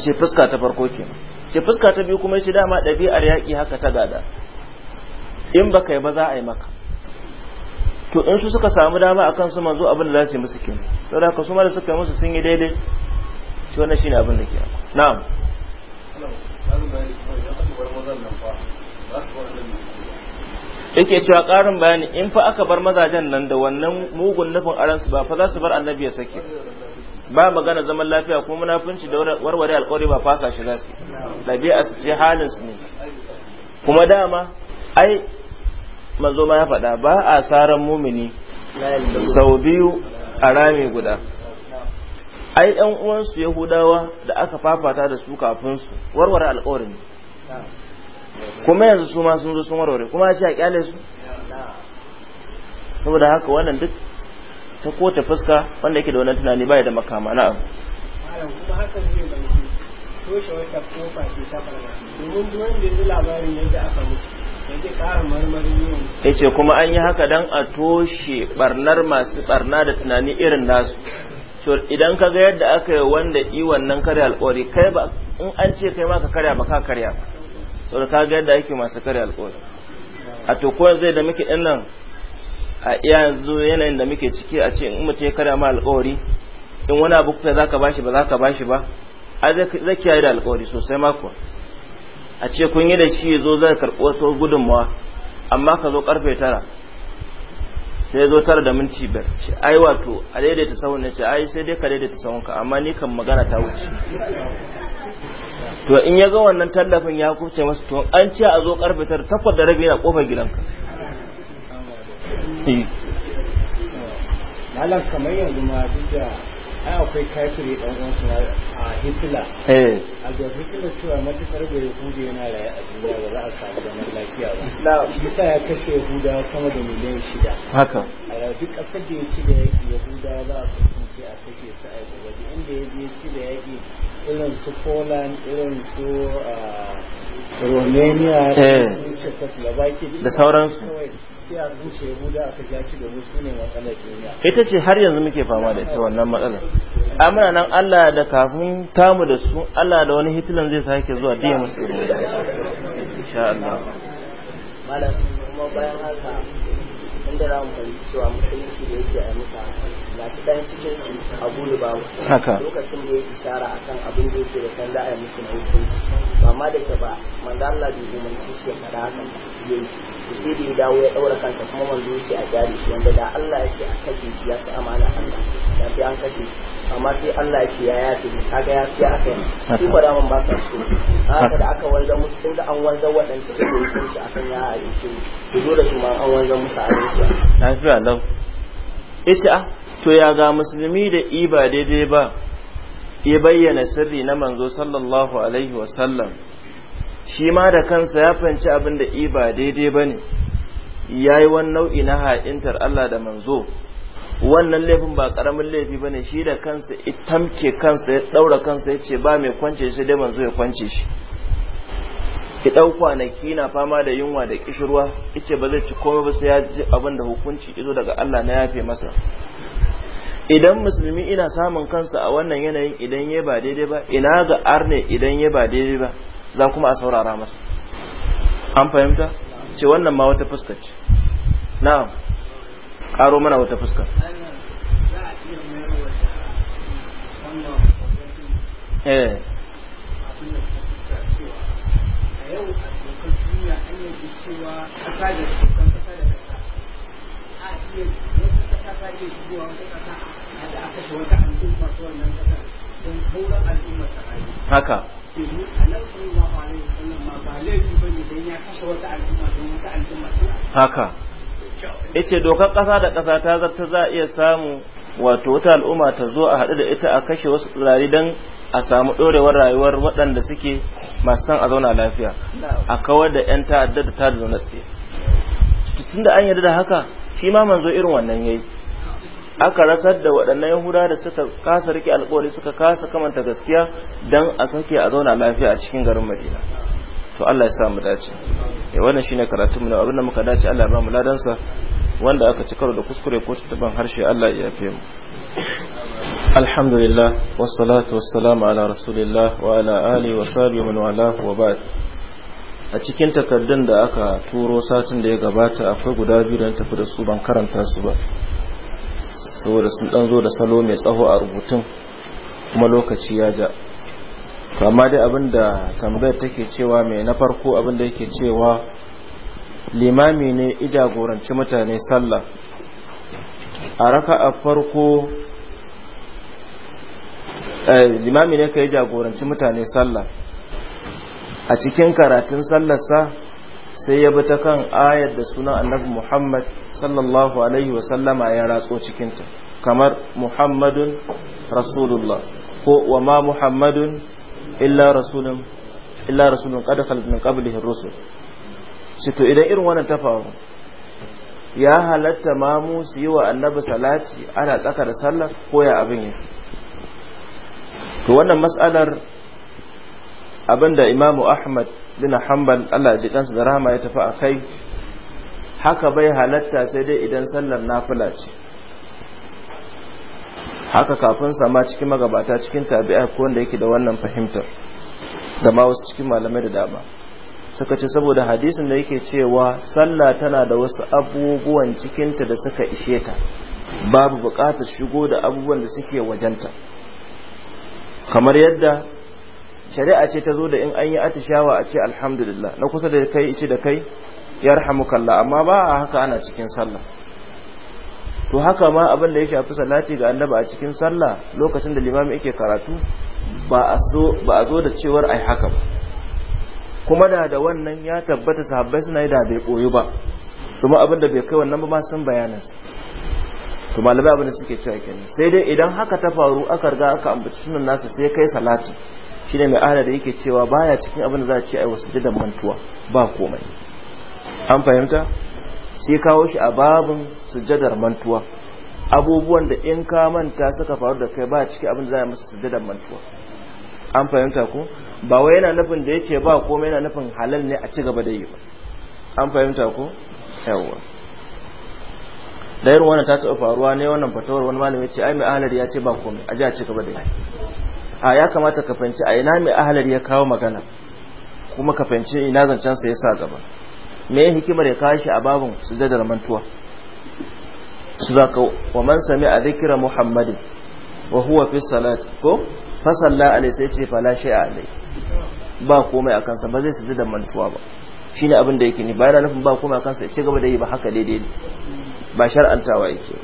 ce fuska ta farko ke ce fuska ta biyu kuma shi dama ɗabi'ar yaƙi haka ta gada in ba yi ba za a yi maka to in su suka samu dama akan su manzo abin da za su yi musu kin da ka su da suka yi musu sun yi daidai to wannan shine abin da ke na'am yake cewa ƙarin bayani in fa aka bar mazajen nan da wannan mugun nufin su ba fa za su bar annabi ya sake ba magana zaman lafiya kuma munafunci da warware alƙawari ba fasa shi za su ɗabi'a su ce halin su ne kuma dama ai manzo ma ya faɗa ba a saran mumini sau biyu a rami guda ai ɗan uwansu yahudawa da aka fafata da su kafin su warware ne. kuma yanzu su ma sun zo sun warware kuma ya ce a kyale su saboda haka wannan duk ta kowace fuska wanda yake da wannan tunani baya da makama na abu domin duwanda yanzu labarin yadda aka mutu yace kuma an yi haka dan a toshe barnar masu barna da tunani irin nasu to idan ka ga yadda aka yi wanda i wannan karya alƙawari kai ba in an ce kai ma ka karya ba ka karya to ka ga yadda yake masu karya alƙawari a to ko zai da muke nan a iya yanzu yanayin da muke ciki a ce in mutum ya karya ma alƙawari in wani abu kuka zaka bashi ba zaka bashi ba a zai kiyaye da alƙawari sosai ma a ce kun yi da shi zo zai karɓi wasu gudunmawa amma ka zo karfe tara sai zo tara da minti biyar ce ai wato a daidaita sahun ne ce ai sai dai ka daidaita sahun ka amma ni kan magana ta wuce to in ya ga wannan tallafin ya kuce masa to an ce a zo karfe tara takwas da rabi yana kofar gidanka malam kamar yanzu ma duk da ai akwai kafiri dan uwan su a hitila eh a ga hitila cewa matukar bai yahudi yana raye a duniya ba za a samu zaman lafiya ba bisa ya kashe yahuda sama da miliyan shida haka a duk kasar da ya ci da yaki yahuda za a kasance a kashe su a yaki inda ya je ci da yaki irin su poland irin su romania eh, da sauransu ita ce har yanzu muke fama da ita wannan matsalar amina nan allah da kafin tamu da su allah da wani hitlan zai sake zuwa biya musu yahuda insha allah cewa musulunci da yake a gashi ɗan cikin su a gudu ba haka lokacin da isara akan abin da yake da a musu na hukunci da ke ba manzo Allah bai ya yayi to sai da ya dawo ya daura kansa kuma manzo yake a jari shi wanda da Allah ya ce a kashe shi ya ci amana Allah da sai an kashe amma sai Allah ya ce ya yafe kaga ya aka su fara mun ba sa haka da aka musu tun da an akan ya su zo da su ma an musu a lafiya lau isha to ya ga musulmi da iba daidai ba ya bayyana sirri na manzo sallallahu alaihi wasallam shi ma da kansa ya fahimci abin da iba daidai ba ne ya yi wani nau'i na ha'intar Allah da manzo wannan laifin ba karamin laifi ba ne shi da kansa itamke kansa ya ɗaura kansa ya ce ba mai kwance shi dai manzo ya kwance shi ki ɗau kwanaki na fama da yunwa da kishirwa ice ba zai ci komai ba sai ya ji abin da hukunci izo daga Allah na yafe masa idan musulmi ina samun kansa a wannan yanayin idan ya ba daidai ba ina ga arne idan ya ba daidai ba za kuma a saurara masa an fahimta ce wannan ma wata fuska ce na'am karo mana wata fuska eh cewa da da a iya haka haka yace dokar kasa da kasa ta zarta za a iya samu wato wata al'umma ta zo a haɗu da ita a kashe wasu tsirari don a samu ɗorewar rayuwar waɗanda suke masu san a zauna lafiya a kawar da 'yan ta'adda da ta da zaune tsaye tun da an yarda da haka shi ma manzo irin wannan yayi aka rasar da waɗannan yahuda da suka kasa rike alkawari suka kasa kamanta gaskiya dan a sake a zauna lafiya a cikin garin madina to Allah ya sa mu dace ya eh, wannan shine karatu mu abin da muka dace Allah ya ba mu ladansa wanda aka ci karo da kuskure ko taban harshe Allah ya yafe mu alhamdulillah wassalatu wassalamu ala rasulillah wa ala alihi wa sahbihi man wala wa ba'd a cikin takardun da aka turo satin da ya gabata akwai guda biyu da tafi da su ban karanta su ba saboda sun dan zo da salo mai tsaho a rubutun kuma lokaci ya ja to amma dai abinda tambayar take cewa mai na farko abinda yake cewa limami ne idagoranci mutane sallah a raka a farko eh, limami ne ka yi jagoranci mutane sallah a cikin karatun sallarsa sai ya bi ta kan ayar da sunan annabi muhammad sallallahu alaihi wasallama ya ratso cikinta kamar muhammadun rasulullah ko wa ma muhammadun illa rasulun illa rasulun qad rusul shi idan irin wannan ta faru ya halatta mamu su yi wa annabi salati ana tsaka da sallar ko ya abin yake to wannan matsalar abinda imamu ahmad bin hanbal Allah ya ji kansa da rahama ya tafi a kai haka bai halatta sai dai idan sallar nafila ce haka kafin sama cikin magabata cikin tabi'a ko wanda yake da wannan fahimtar da ma wasu cikin malamai da dama suka ce saboda hadisin da yake cewa sallah tana da wasu abubuwan cikinta da suka ishe ta babu buƙatar shigo da abubuwan da suke wajenta kamar yadda shari'a ce ta zo da in an yi atishawa a ce alhamdulillah na kusa da kai ice da kai yarhamukallah amma ba a haka ana cikin sallah to haka ma abin da ya shafi salati ga annaba a cikin sallah lokacin da limami yake karatu ba a zo da cewar ai haka ba kuma da da wannan ya tabbata sahabbai suna yi da bai koyo ba kuma abin da bai kai wannan ba sun bayanin to malabai abin da suke cewa kenan sai dai idan haka ta faru aka riga aka ambaci sunan nasa sai kai salati shine mai ahla da yake cewa baya cikin abin da za a ce ai wasu jidan mantuwa ba komai an fahimta sai kawo shi a babin sujadar mantuwa abubuwan da in ka manta suka faru da kai ba ciki abin da za a masa sujadar mantuwa an fahimta ko ba wai yana nufin da yace ba komai yana nufin halal ne a ci gaba da yi ba an fahimta ko yawa da irin wannan ta taɓa faruwa ne wannan fatawar wani malami ce ai mai ahalari ya ce ba komai a ji a ci gaba da yi a ya kamata ka fahimci a ina mai ahalari ya kawo magana kuma ka fahimci ina zancen sa ya sa gaba me hikimar ya kashi a babin da ramantuwa su zaka wa man sami a zikira muhammadin wa huwa fi salati ko fasalla alai sai ce fala a alai ba komai a kansa ba zai su da mantuwa ba ne abin da yake ni ba alifin ba komai a kansa ce gaba da yi ba haka daidai ne ba shar'antawa yake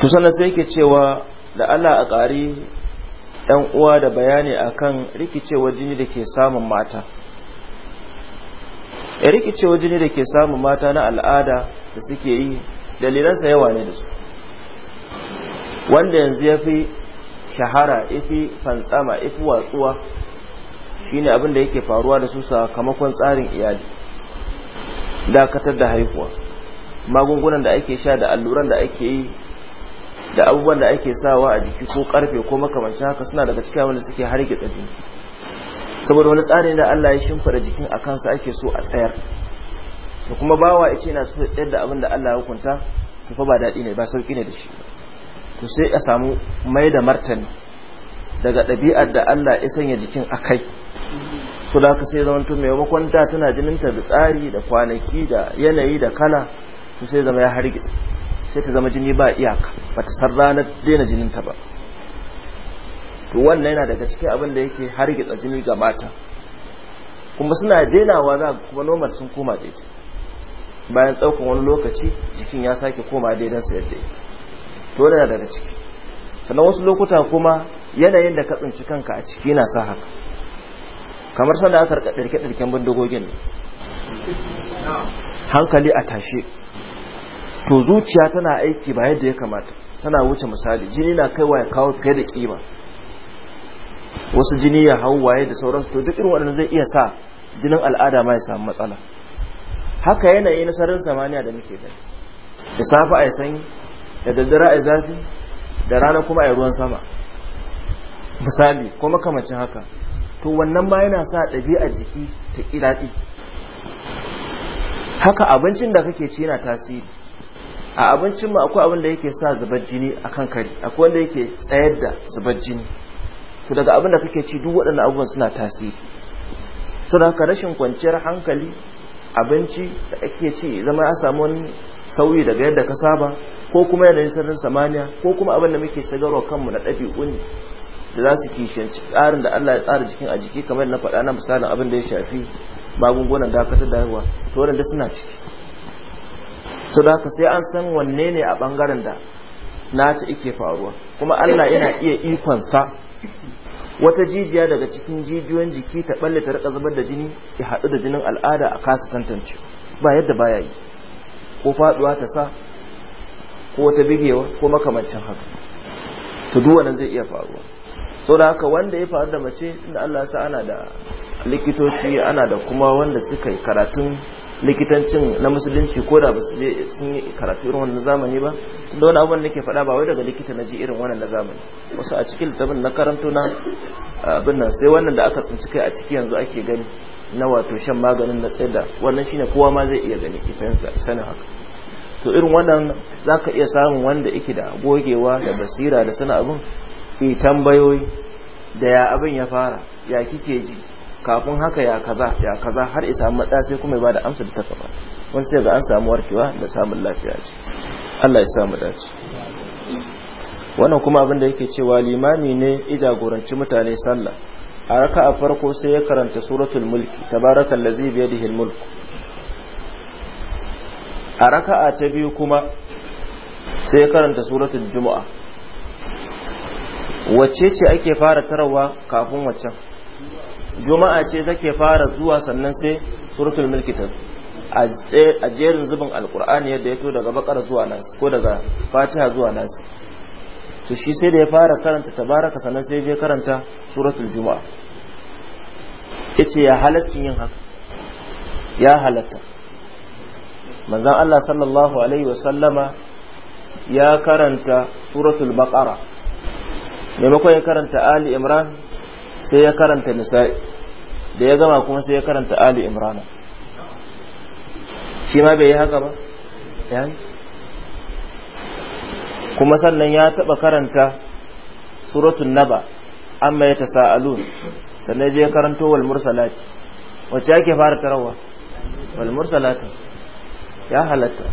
kusan eh. to sai yake cewa da Allah a ƙari 'yan uwa da bayani akan rikicewa jini da ke samun mata ya rikicewar jini da ke samun mata na al'ada da suke yi dalilansa yawa ne da su wanda yanzu ya fi shahara ifi fantsama ifi watsuwa shine abin da yake faruwa da su sakamakon tsarin iyali dakatar da haihuwa magungunan da ake sha da alluran da ake yi da abubuwan da ake sawa a jiki ko karfe ko makamancin haka suna daga cikin wanda suke hargitsa jiki. saboda wani tsari da Allah ya shimfida jikin a kansa ake so a tsayar da kuma bawa ya ce na so tsayar da abin da Allah ya hukunta to fa ba daɗi ne ba sauƙi ne da shi to sai a samu mai da martani daga ɗabi'ar da Allah ya sanya jikin a kai to da sai zama to mai da tana jininta da tsari da kwanaki da yanayi da kala to sai zama ya hargitsa sai ta zama jini ba iyaka ba ta san ranar daina ta ba to wannan yana daga cikin abin da yake hargitsa jini ga mata kuma suna denawa za kuma normal sun koma daidai bayan tsaukan wani lokaci jikin ya sake koma daidan sa yadda yake to yana daga ciki sannan wasu lokuta kuma yanayin da ka tsinci kanka a ciki yana sa haka kamar sanda aka ɗarke-ɗarken bindigogin hankali a tashe to zuciya tana aiki ba yadda ya kamata tana wuce misali jini na kaiwa ya kawo fiye da kima wasu jini ya hau waye da sauransu to duk irin waɗanda zai iya sa jinin al'ada ma ya samu matsala haka yanayi na sararin samaniya da muke gani da safe a yi sanyi da daddare a yi zafi da rana kuma a yi ruwan sama misali ko makamacin haka to wannan ma yana sa ɗabi'ar jiki ta ƙi daɗi haka abincin da kake ci yana tasiri a abincin mu akwai abin da yake sa zubar jini akan kari akwai wanda yake tsayar da zubar jini to daga abin da kake ci duk waɗannan abubuwan suna tasiri to da rashin kwanciyar hankali abinci da ake ci zama ya samu wani sauyi daga yadda ka saba ko kuma yanayin sanin samaniya ko kuma abin da muke shigarwa kanmu na ɗabi'un da za su kishiyanci tsarin da Allah ya tsara jikin a jiki kamar na faɗa na misalin abin da ya shafi magungunan dakatar da yawa to waɗanda suna ciki so da haka sai an san wanne ne a bangaren da nata ike faruwa kuma Allah yana iya ikon sa. wata jijiya daga cikin jijiyoyin jiki ta balle ta rika zubar da jini ya haɗu da jinin al'ada a kasa tantance ba yadda baya yi ko faduwa ta sa ko wata bigewa ko makamancin haka to duk wannan zai iya faruwa so da haka wanda ya faru da mace inda Allah ya sa ana da likitoci ana da kuma wanda suka yi karatun likitancin na musulunci ko da basu je sun yi karatu irin wannan zamani ba da wani abin da ke faɗa ba wai daga likita na ji irin wannan na zamani wasu a cikin littafin na karanto na abin nan sai wannan da aka tsinci kai a ciki yanzu ake gani na wato shan maganin na tsaye da wannan shine kowa ma zai iya gani fahimta sanin haka to irin wannan za ka iya samun wanda yake da gogewa da basira da sana abin yi tambayoyi da ya abin ya fara ya kike ji kafin haka ya kaza ya kaza har isa matsa sai kuma ya bada amsa da ta kama wani sai ga an samu warkewa da samun lafiya ce Allah ya samu dace wannan kuma abin da yake cewa limami ne ya jagoranci mutane sallah a raka a farko sai ya karanta suratul mulki tabarakal ladzi bi yadihi mulk a raka'a ta biyu kuma sai ya karanta suratul jumu'a wacce ce ake fara tarawa kafin waccan juma'a ce take fara zuwa sannan sai suratul mulki ta a jerin zubin alqur'ani yadda ya to daga bakara zuwa nas ko daga fatiha zuwa nas to shi sai da ya fara karanta tabaraka sannan sai je karanta suratul juma'a yace ya halatta yin haka ya halatta manzon Allah sallallahu alaihi wasallama ya karanta suratul baqara maimakon ya karanta ali imran sai ya karanta nisa'i da ya gama kuma sai ya karanta ali imrana shi ma bai yi haka ba kuma sannan ya taɓa karanta suratun naba amma ya ta sa'alun sannan je karanto wal mursalati wacce ake fara tarawa wal mursalati ya halatta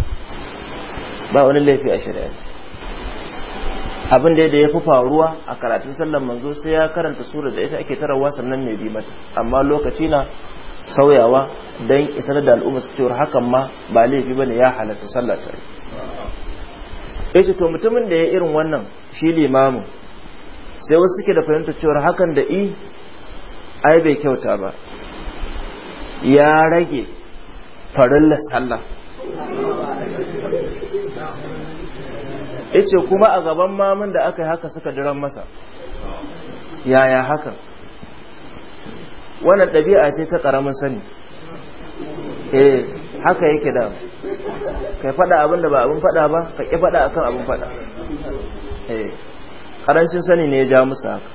ba wani laifi a shari'a abin da ya fi faruwa a karatun sallan manzo sai ya karanta sura da ita ake tarawa sannan ne bi mata amma lokaci na sauyawa don isar da al'umma su cewar hakan ma ba laifi ba ne ya halatta sallah ta yace to mutumin da ya irin wannan shi limamin sai wasu suke da fahimtar cewar hakan da i ai bai kyauta ba ya rage farin sallah yace kuma a gaban mamun da aka yi haka suka diran masa yaya haka wannan ɗabi'a ce ta ƙaramin sani eh haka yake da kai faɗa abin da ba abin faɗa ba ka ƙi faɗa akan abin faɗa eh ƙarancin sani ne ya ja musu haka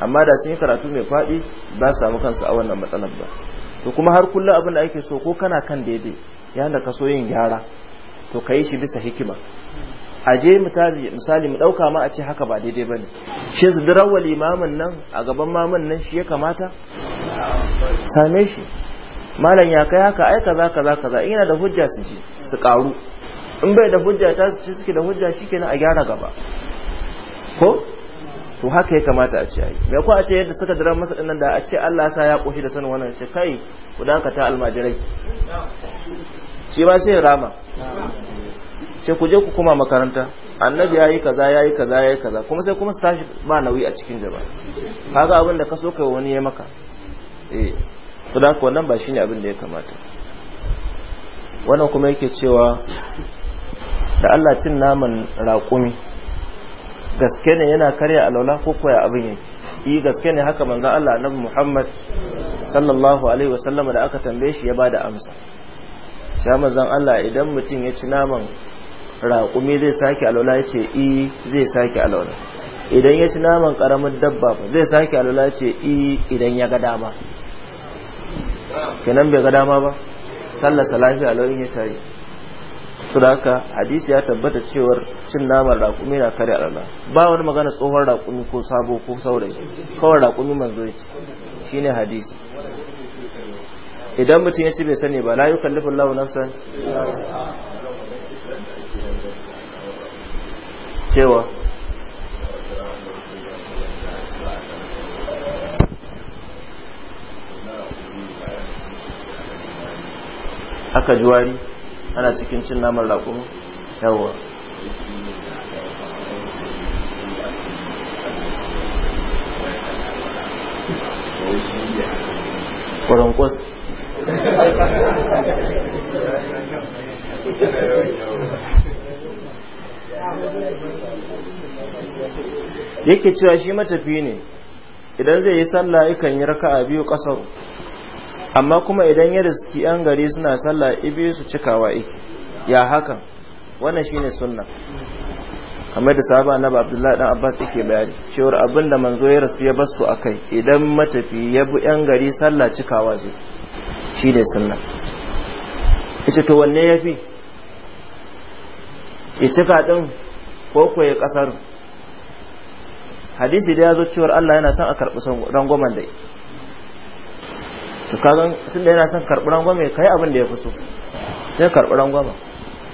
amma da sun yi karatu mai faɗi ba su samu kansu a wannan matsalar ba to kuma har kullum abin da ake so ko kana kan daidai ya ka so yin gyara to ka yi shi bisa hikima a je misali mu ɗauka ma a ce haka ba daidai ba ne shi su dirawar limamin nan a gaban mamin nan shi ya kamata same shi malam ya kai haka ai kaza kaza kaza in da hujja su ci su karu in bai da hujja ta su ci suke da hujja shikenan a gyara gaba ko to haka ya kamata a ce ai me ko a ce yadda suka dira masa dinnan da a ce Allah sa ya koshi da sanin wannan ce kai ku dakata almajirai shi ba sai rama sai ku je ku kuma makaranta annabi yayi kaza yayi kaza yayi kaza kuma sai kuma su tashi ba nauyi a cikin jama'a kaga abin da ka so kai wani ya maka eh to da wannan ba shine abin da ya kamata wannan kuma yake cewa da Allah cin naman raƙumi gaske ne yana karya alaula ko koya abin yake yi eh, gaske ne haka manzo Allah annabi Muhammad sallallahu alaihi wasallam da aka tambaye shi ya bada amsa sai manzon Allah idan mutum ya ci naman raƙumi zai sake alwala ya ce i zai sake alwala idan ya ci naman ƙaramin dabba zai sake alwala ya ce i idan ya ga dama kenan bai ga dama ba sallasa lafiya lauyin ya tayi su da haka hadisi ya tabbata cewar cin naman raƙumi na kare alwala ba wani magana tsohon raƙumi ko sabo ko saurayi kawai raƙumi manzo ya ce shine hadisi idan mutum ya ci bai sani ba la yukallifu Allahu nafsan cewa aka juwari ana cikin cin naman raƙumi yawa ƙwaranƙwas (laughs) yake cewa shi matafi ne idan zai yi sallah yakan yi raka a biyu kasar amma kuma idan ya riski yan gari suna sallah ibi su cikawa iki ya hakan wannan shine sunna kamar da sahaba annabi Abdullahi dan Abbas yake bayani cewar abinda manzo ya rasu ya basu a kai idan matafi ya bi yan gari sallah cikawa zai shine sunna ita to wanne yafi ya cika ɗin ko ko kasar ƙasar hadisi da ya zo cewar Allah yana son a karɓi rangwamen dai to kagan tun da yana son karɓi rangwame kai abin da ya fi so sai karɓi rangwame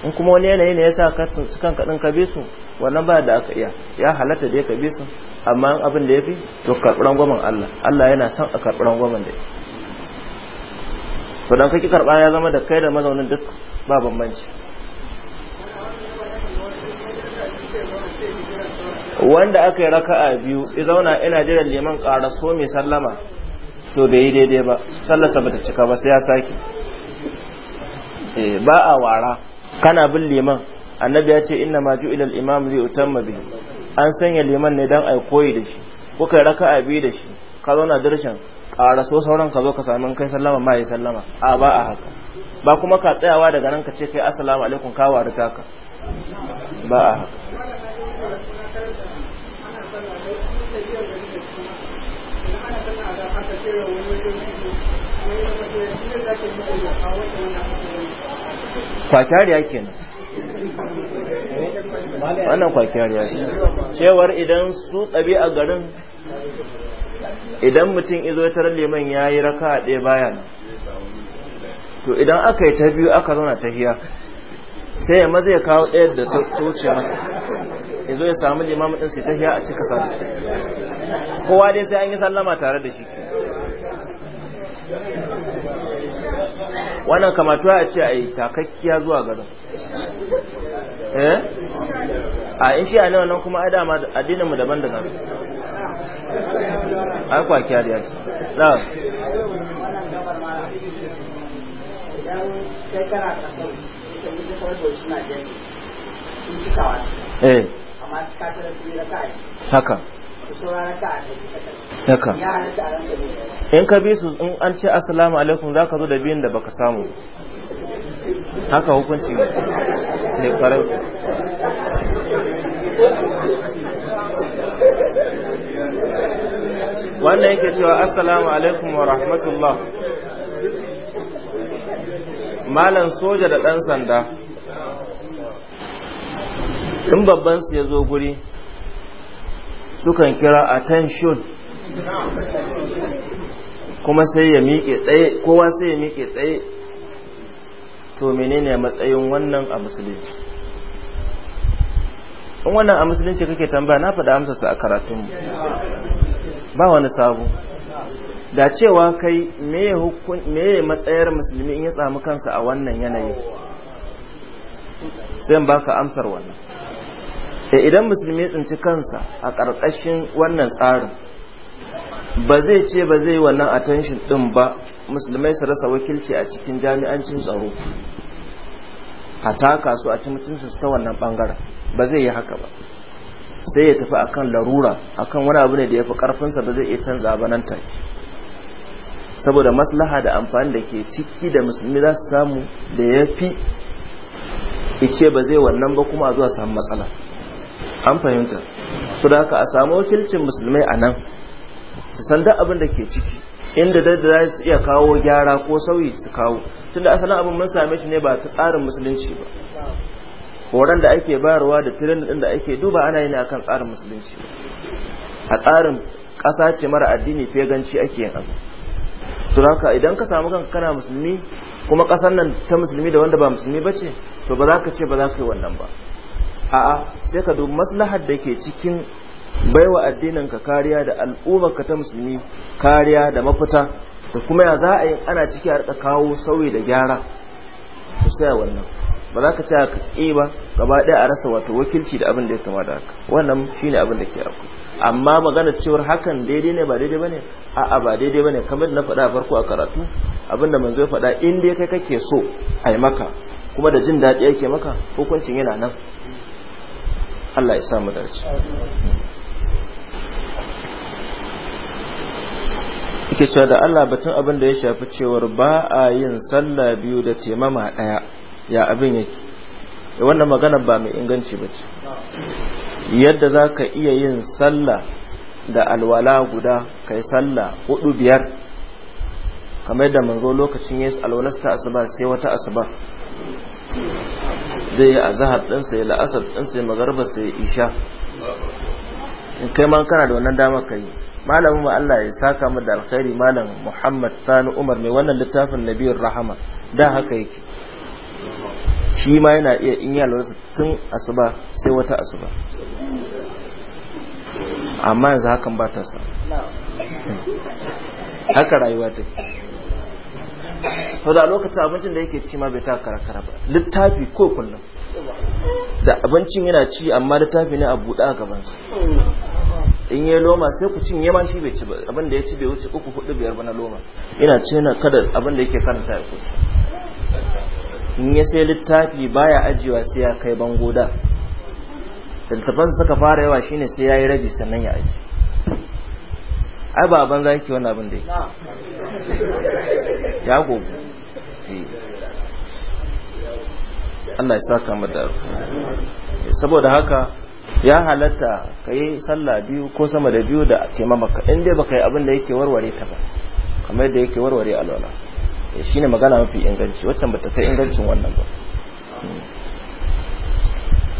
in kuma wani yanayi ne ya sa ka su kanka ka bi su wannan ba da aka iya ya halatta da ya ka bi su amma abin da ya fi to karɓi rangwamen Allah Allah yana son a karɓi rangwamen da to dan kake karɓa ya zama da kai da mazaunin duk ba bambanci wanda aka yi raka'a biyu ya zauna ina jiran liman karaso mai sallama to bai yi daidai ba sallarsa bata cika ba sai ya sake eh, ba a wara kana bin liman annabi ya ce inna ma ju ilal imam zai utan mabi an sanya liman ne don ai koyi da shi kuka raka'a biyu da shi ka zauna Ƙara karaso sauran ka zo ka sami kai sallama ma yi sallama a ba a haka ba kuma ka tsayawa daga nan ka ce kai assalamu alaikum ka warita taka.' ba a kwakiyariya kenan wannan kwakiyariya ce cewar idan su tsabi a garin idan mutum izo ta tarar liman ya yi raka a ɗaya bayan to idan aka yi ta biyu aka zauna ta hiyar. sai ya maza ya kawo ɗaya da ta wuce masa ya zo ya samu limamin ɗin sai ta hiya a cika sadu kowa dai sai an yi sallama tare da shi ke wannan kamatuwa a ce a yi takakkiya zuwa garin eh a in shi a nan kuma ai dama addininmu daban da nasu ai kwakiya da yaki na Eh. haka haka in ka bi su in an ce assalamu alaikum za ka zo da biyun da baka samu haka hukunci ne ƙarar wannan yake cewa assalamu alaikum wa rahmatullah malan soja da ɗan sanda in babban su ya zo guri sukan kira attention kuma sai ya miƙe tsaye kowa sai ya miƙe tsaye to menene matsayin wannan a musulunci in wannan a musulunci kake tambaya na faɗa amsa su a karatunmu ba wani sabu da cewa kai meye matsayar musulmi in ya tsamu kansa a wannan yanayi sai baka amsar wannan da eh, idan musulmi tsinci kansa a ƙarƙashin wannan tsarin ba zai ce ba zai wannan attention ɗin ba musulmai su rasa wakilci a cikin jami'ancin tsaro a taka su a cikin su ta wannan ɓangaren. ba zai yi haka ba sai ya tafi akan larura akan wani abu ne da ya fi ƙarfinsa ba zai iya canza ba nan take saboda maslaha da amfani da ke ciki da musulmi za su samu da ya fi ice ba zai wannan ba kuma a zuwa samun matsala an fahimta su da haka a samu wakilcin musulmai a nan su san abin da ke ciki inda da za su iya kawo gyara ko sauyi su kawo tunda asalin abin mun same shi ne ba ta tsarin musulunci ba horon da ake bayarwa da tirin din da ake duba ana yi ne akan tsarin musulunci a tsarin ƙasa ce mara addini feganci ake yin abu suraka idan ka samu kanka kana musulmi kuma ƙasar nan ta musulmi da wanda ba musulmi ba ce to ba za ka ce ba za ka yi wannan ba a'a sai ka dubi maslahar da ke cikin baiwa addinin ka kariya da al'ummar ka ta musulmi kariya da mafita da kuma ya za a yi ana ciki a kawo sauyi da gyara ku saya wannan ba za ka ce a ba gaba ɗaya a rasa wato wakilci da abin da ya kamata haka wannan shine abin da ke akwai amma magana cewar hakan daidai ne ba daidai bane a'a ba daidai bane kamar na faɗa farko a karatu abinda manzo ya faɗa in dai kai kake so ai maka kuma da jin daɗi yake maka hukuncin yana nan Allah ya sa mu dace yake cewa da Allah batun abin da ya shafi cewar ba a yin sallah biyu da temama ɗaya ya abin yake eh, wannan magana ba mai inganci ba ce yadda za ka iya yin sallah da alwala guda kai sallah hudu biyar kamar da manzo lokacin yes alwalasta asuba sai wata asuba zai yi azahar ɗinsa ya la'asar ɗinsa ya sai ya isha in kai ma kana da wannan dama ka yi malamin ma Allah ya saka mu da alkhairi malam Muhammad Sani Umar mai wannan littafin Nabiyur Rahama da haka yake shi ma yana iya in yi alwarsa tun asuba sai wata asuba amma yanzu hakan ba ta sa haka rayuwa ta sau da lokacin abincin da yake ci ma bai taka karakara ba littafi ko kullum da abincin yana ci amma littafi ne a buɗa a gabansa in yi loma sai ku cin ma shi bai ci ba abin da ya ci bai wuce uku hudu biyar ba na loma yana ce na kada abin da yake karanta ya kuce in ya sai littafi baya ajiyewa sai ya kai bango da littafansa suka fara yawa shine sai ya yi rabi sannan ya aji ai ba ban zaki wani abin da ya gogo eh. Allah ya saka mu da eh, saboda haka ya halatta ka yi sallah biyu ko sama da biyu da mamaka in dai baka yi abin da yake warware ta ba kamar yadda yake warware alwala shine magana mafi inganci waccan ta kai ingancin wannan ba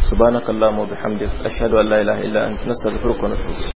subhanakallahumma wa bihamdika ashhadu an la ilaha illa anta astaghfiruka wa atubu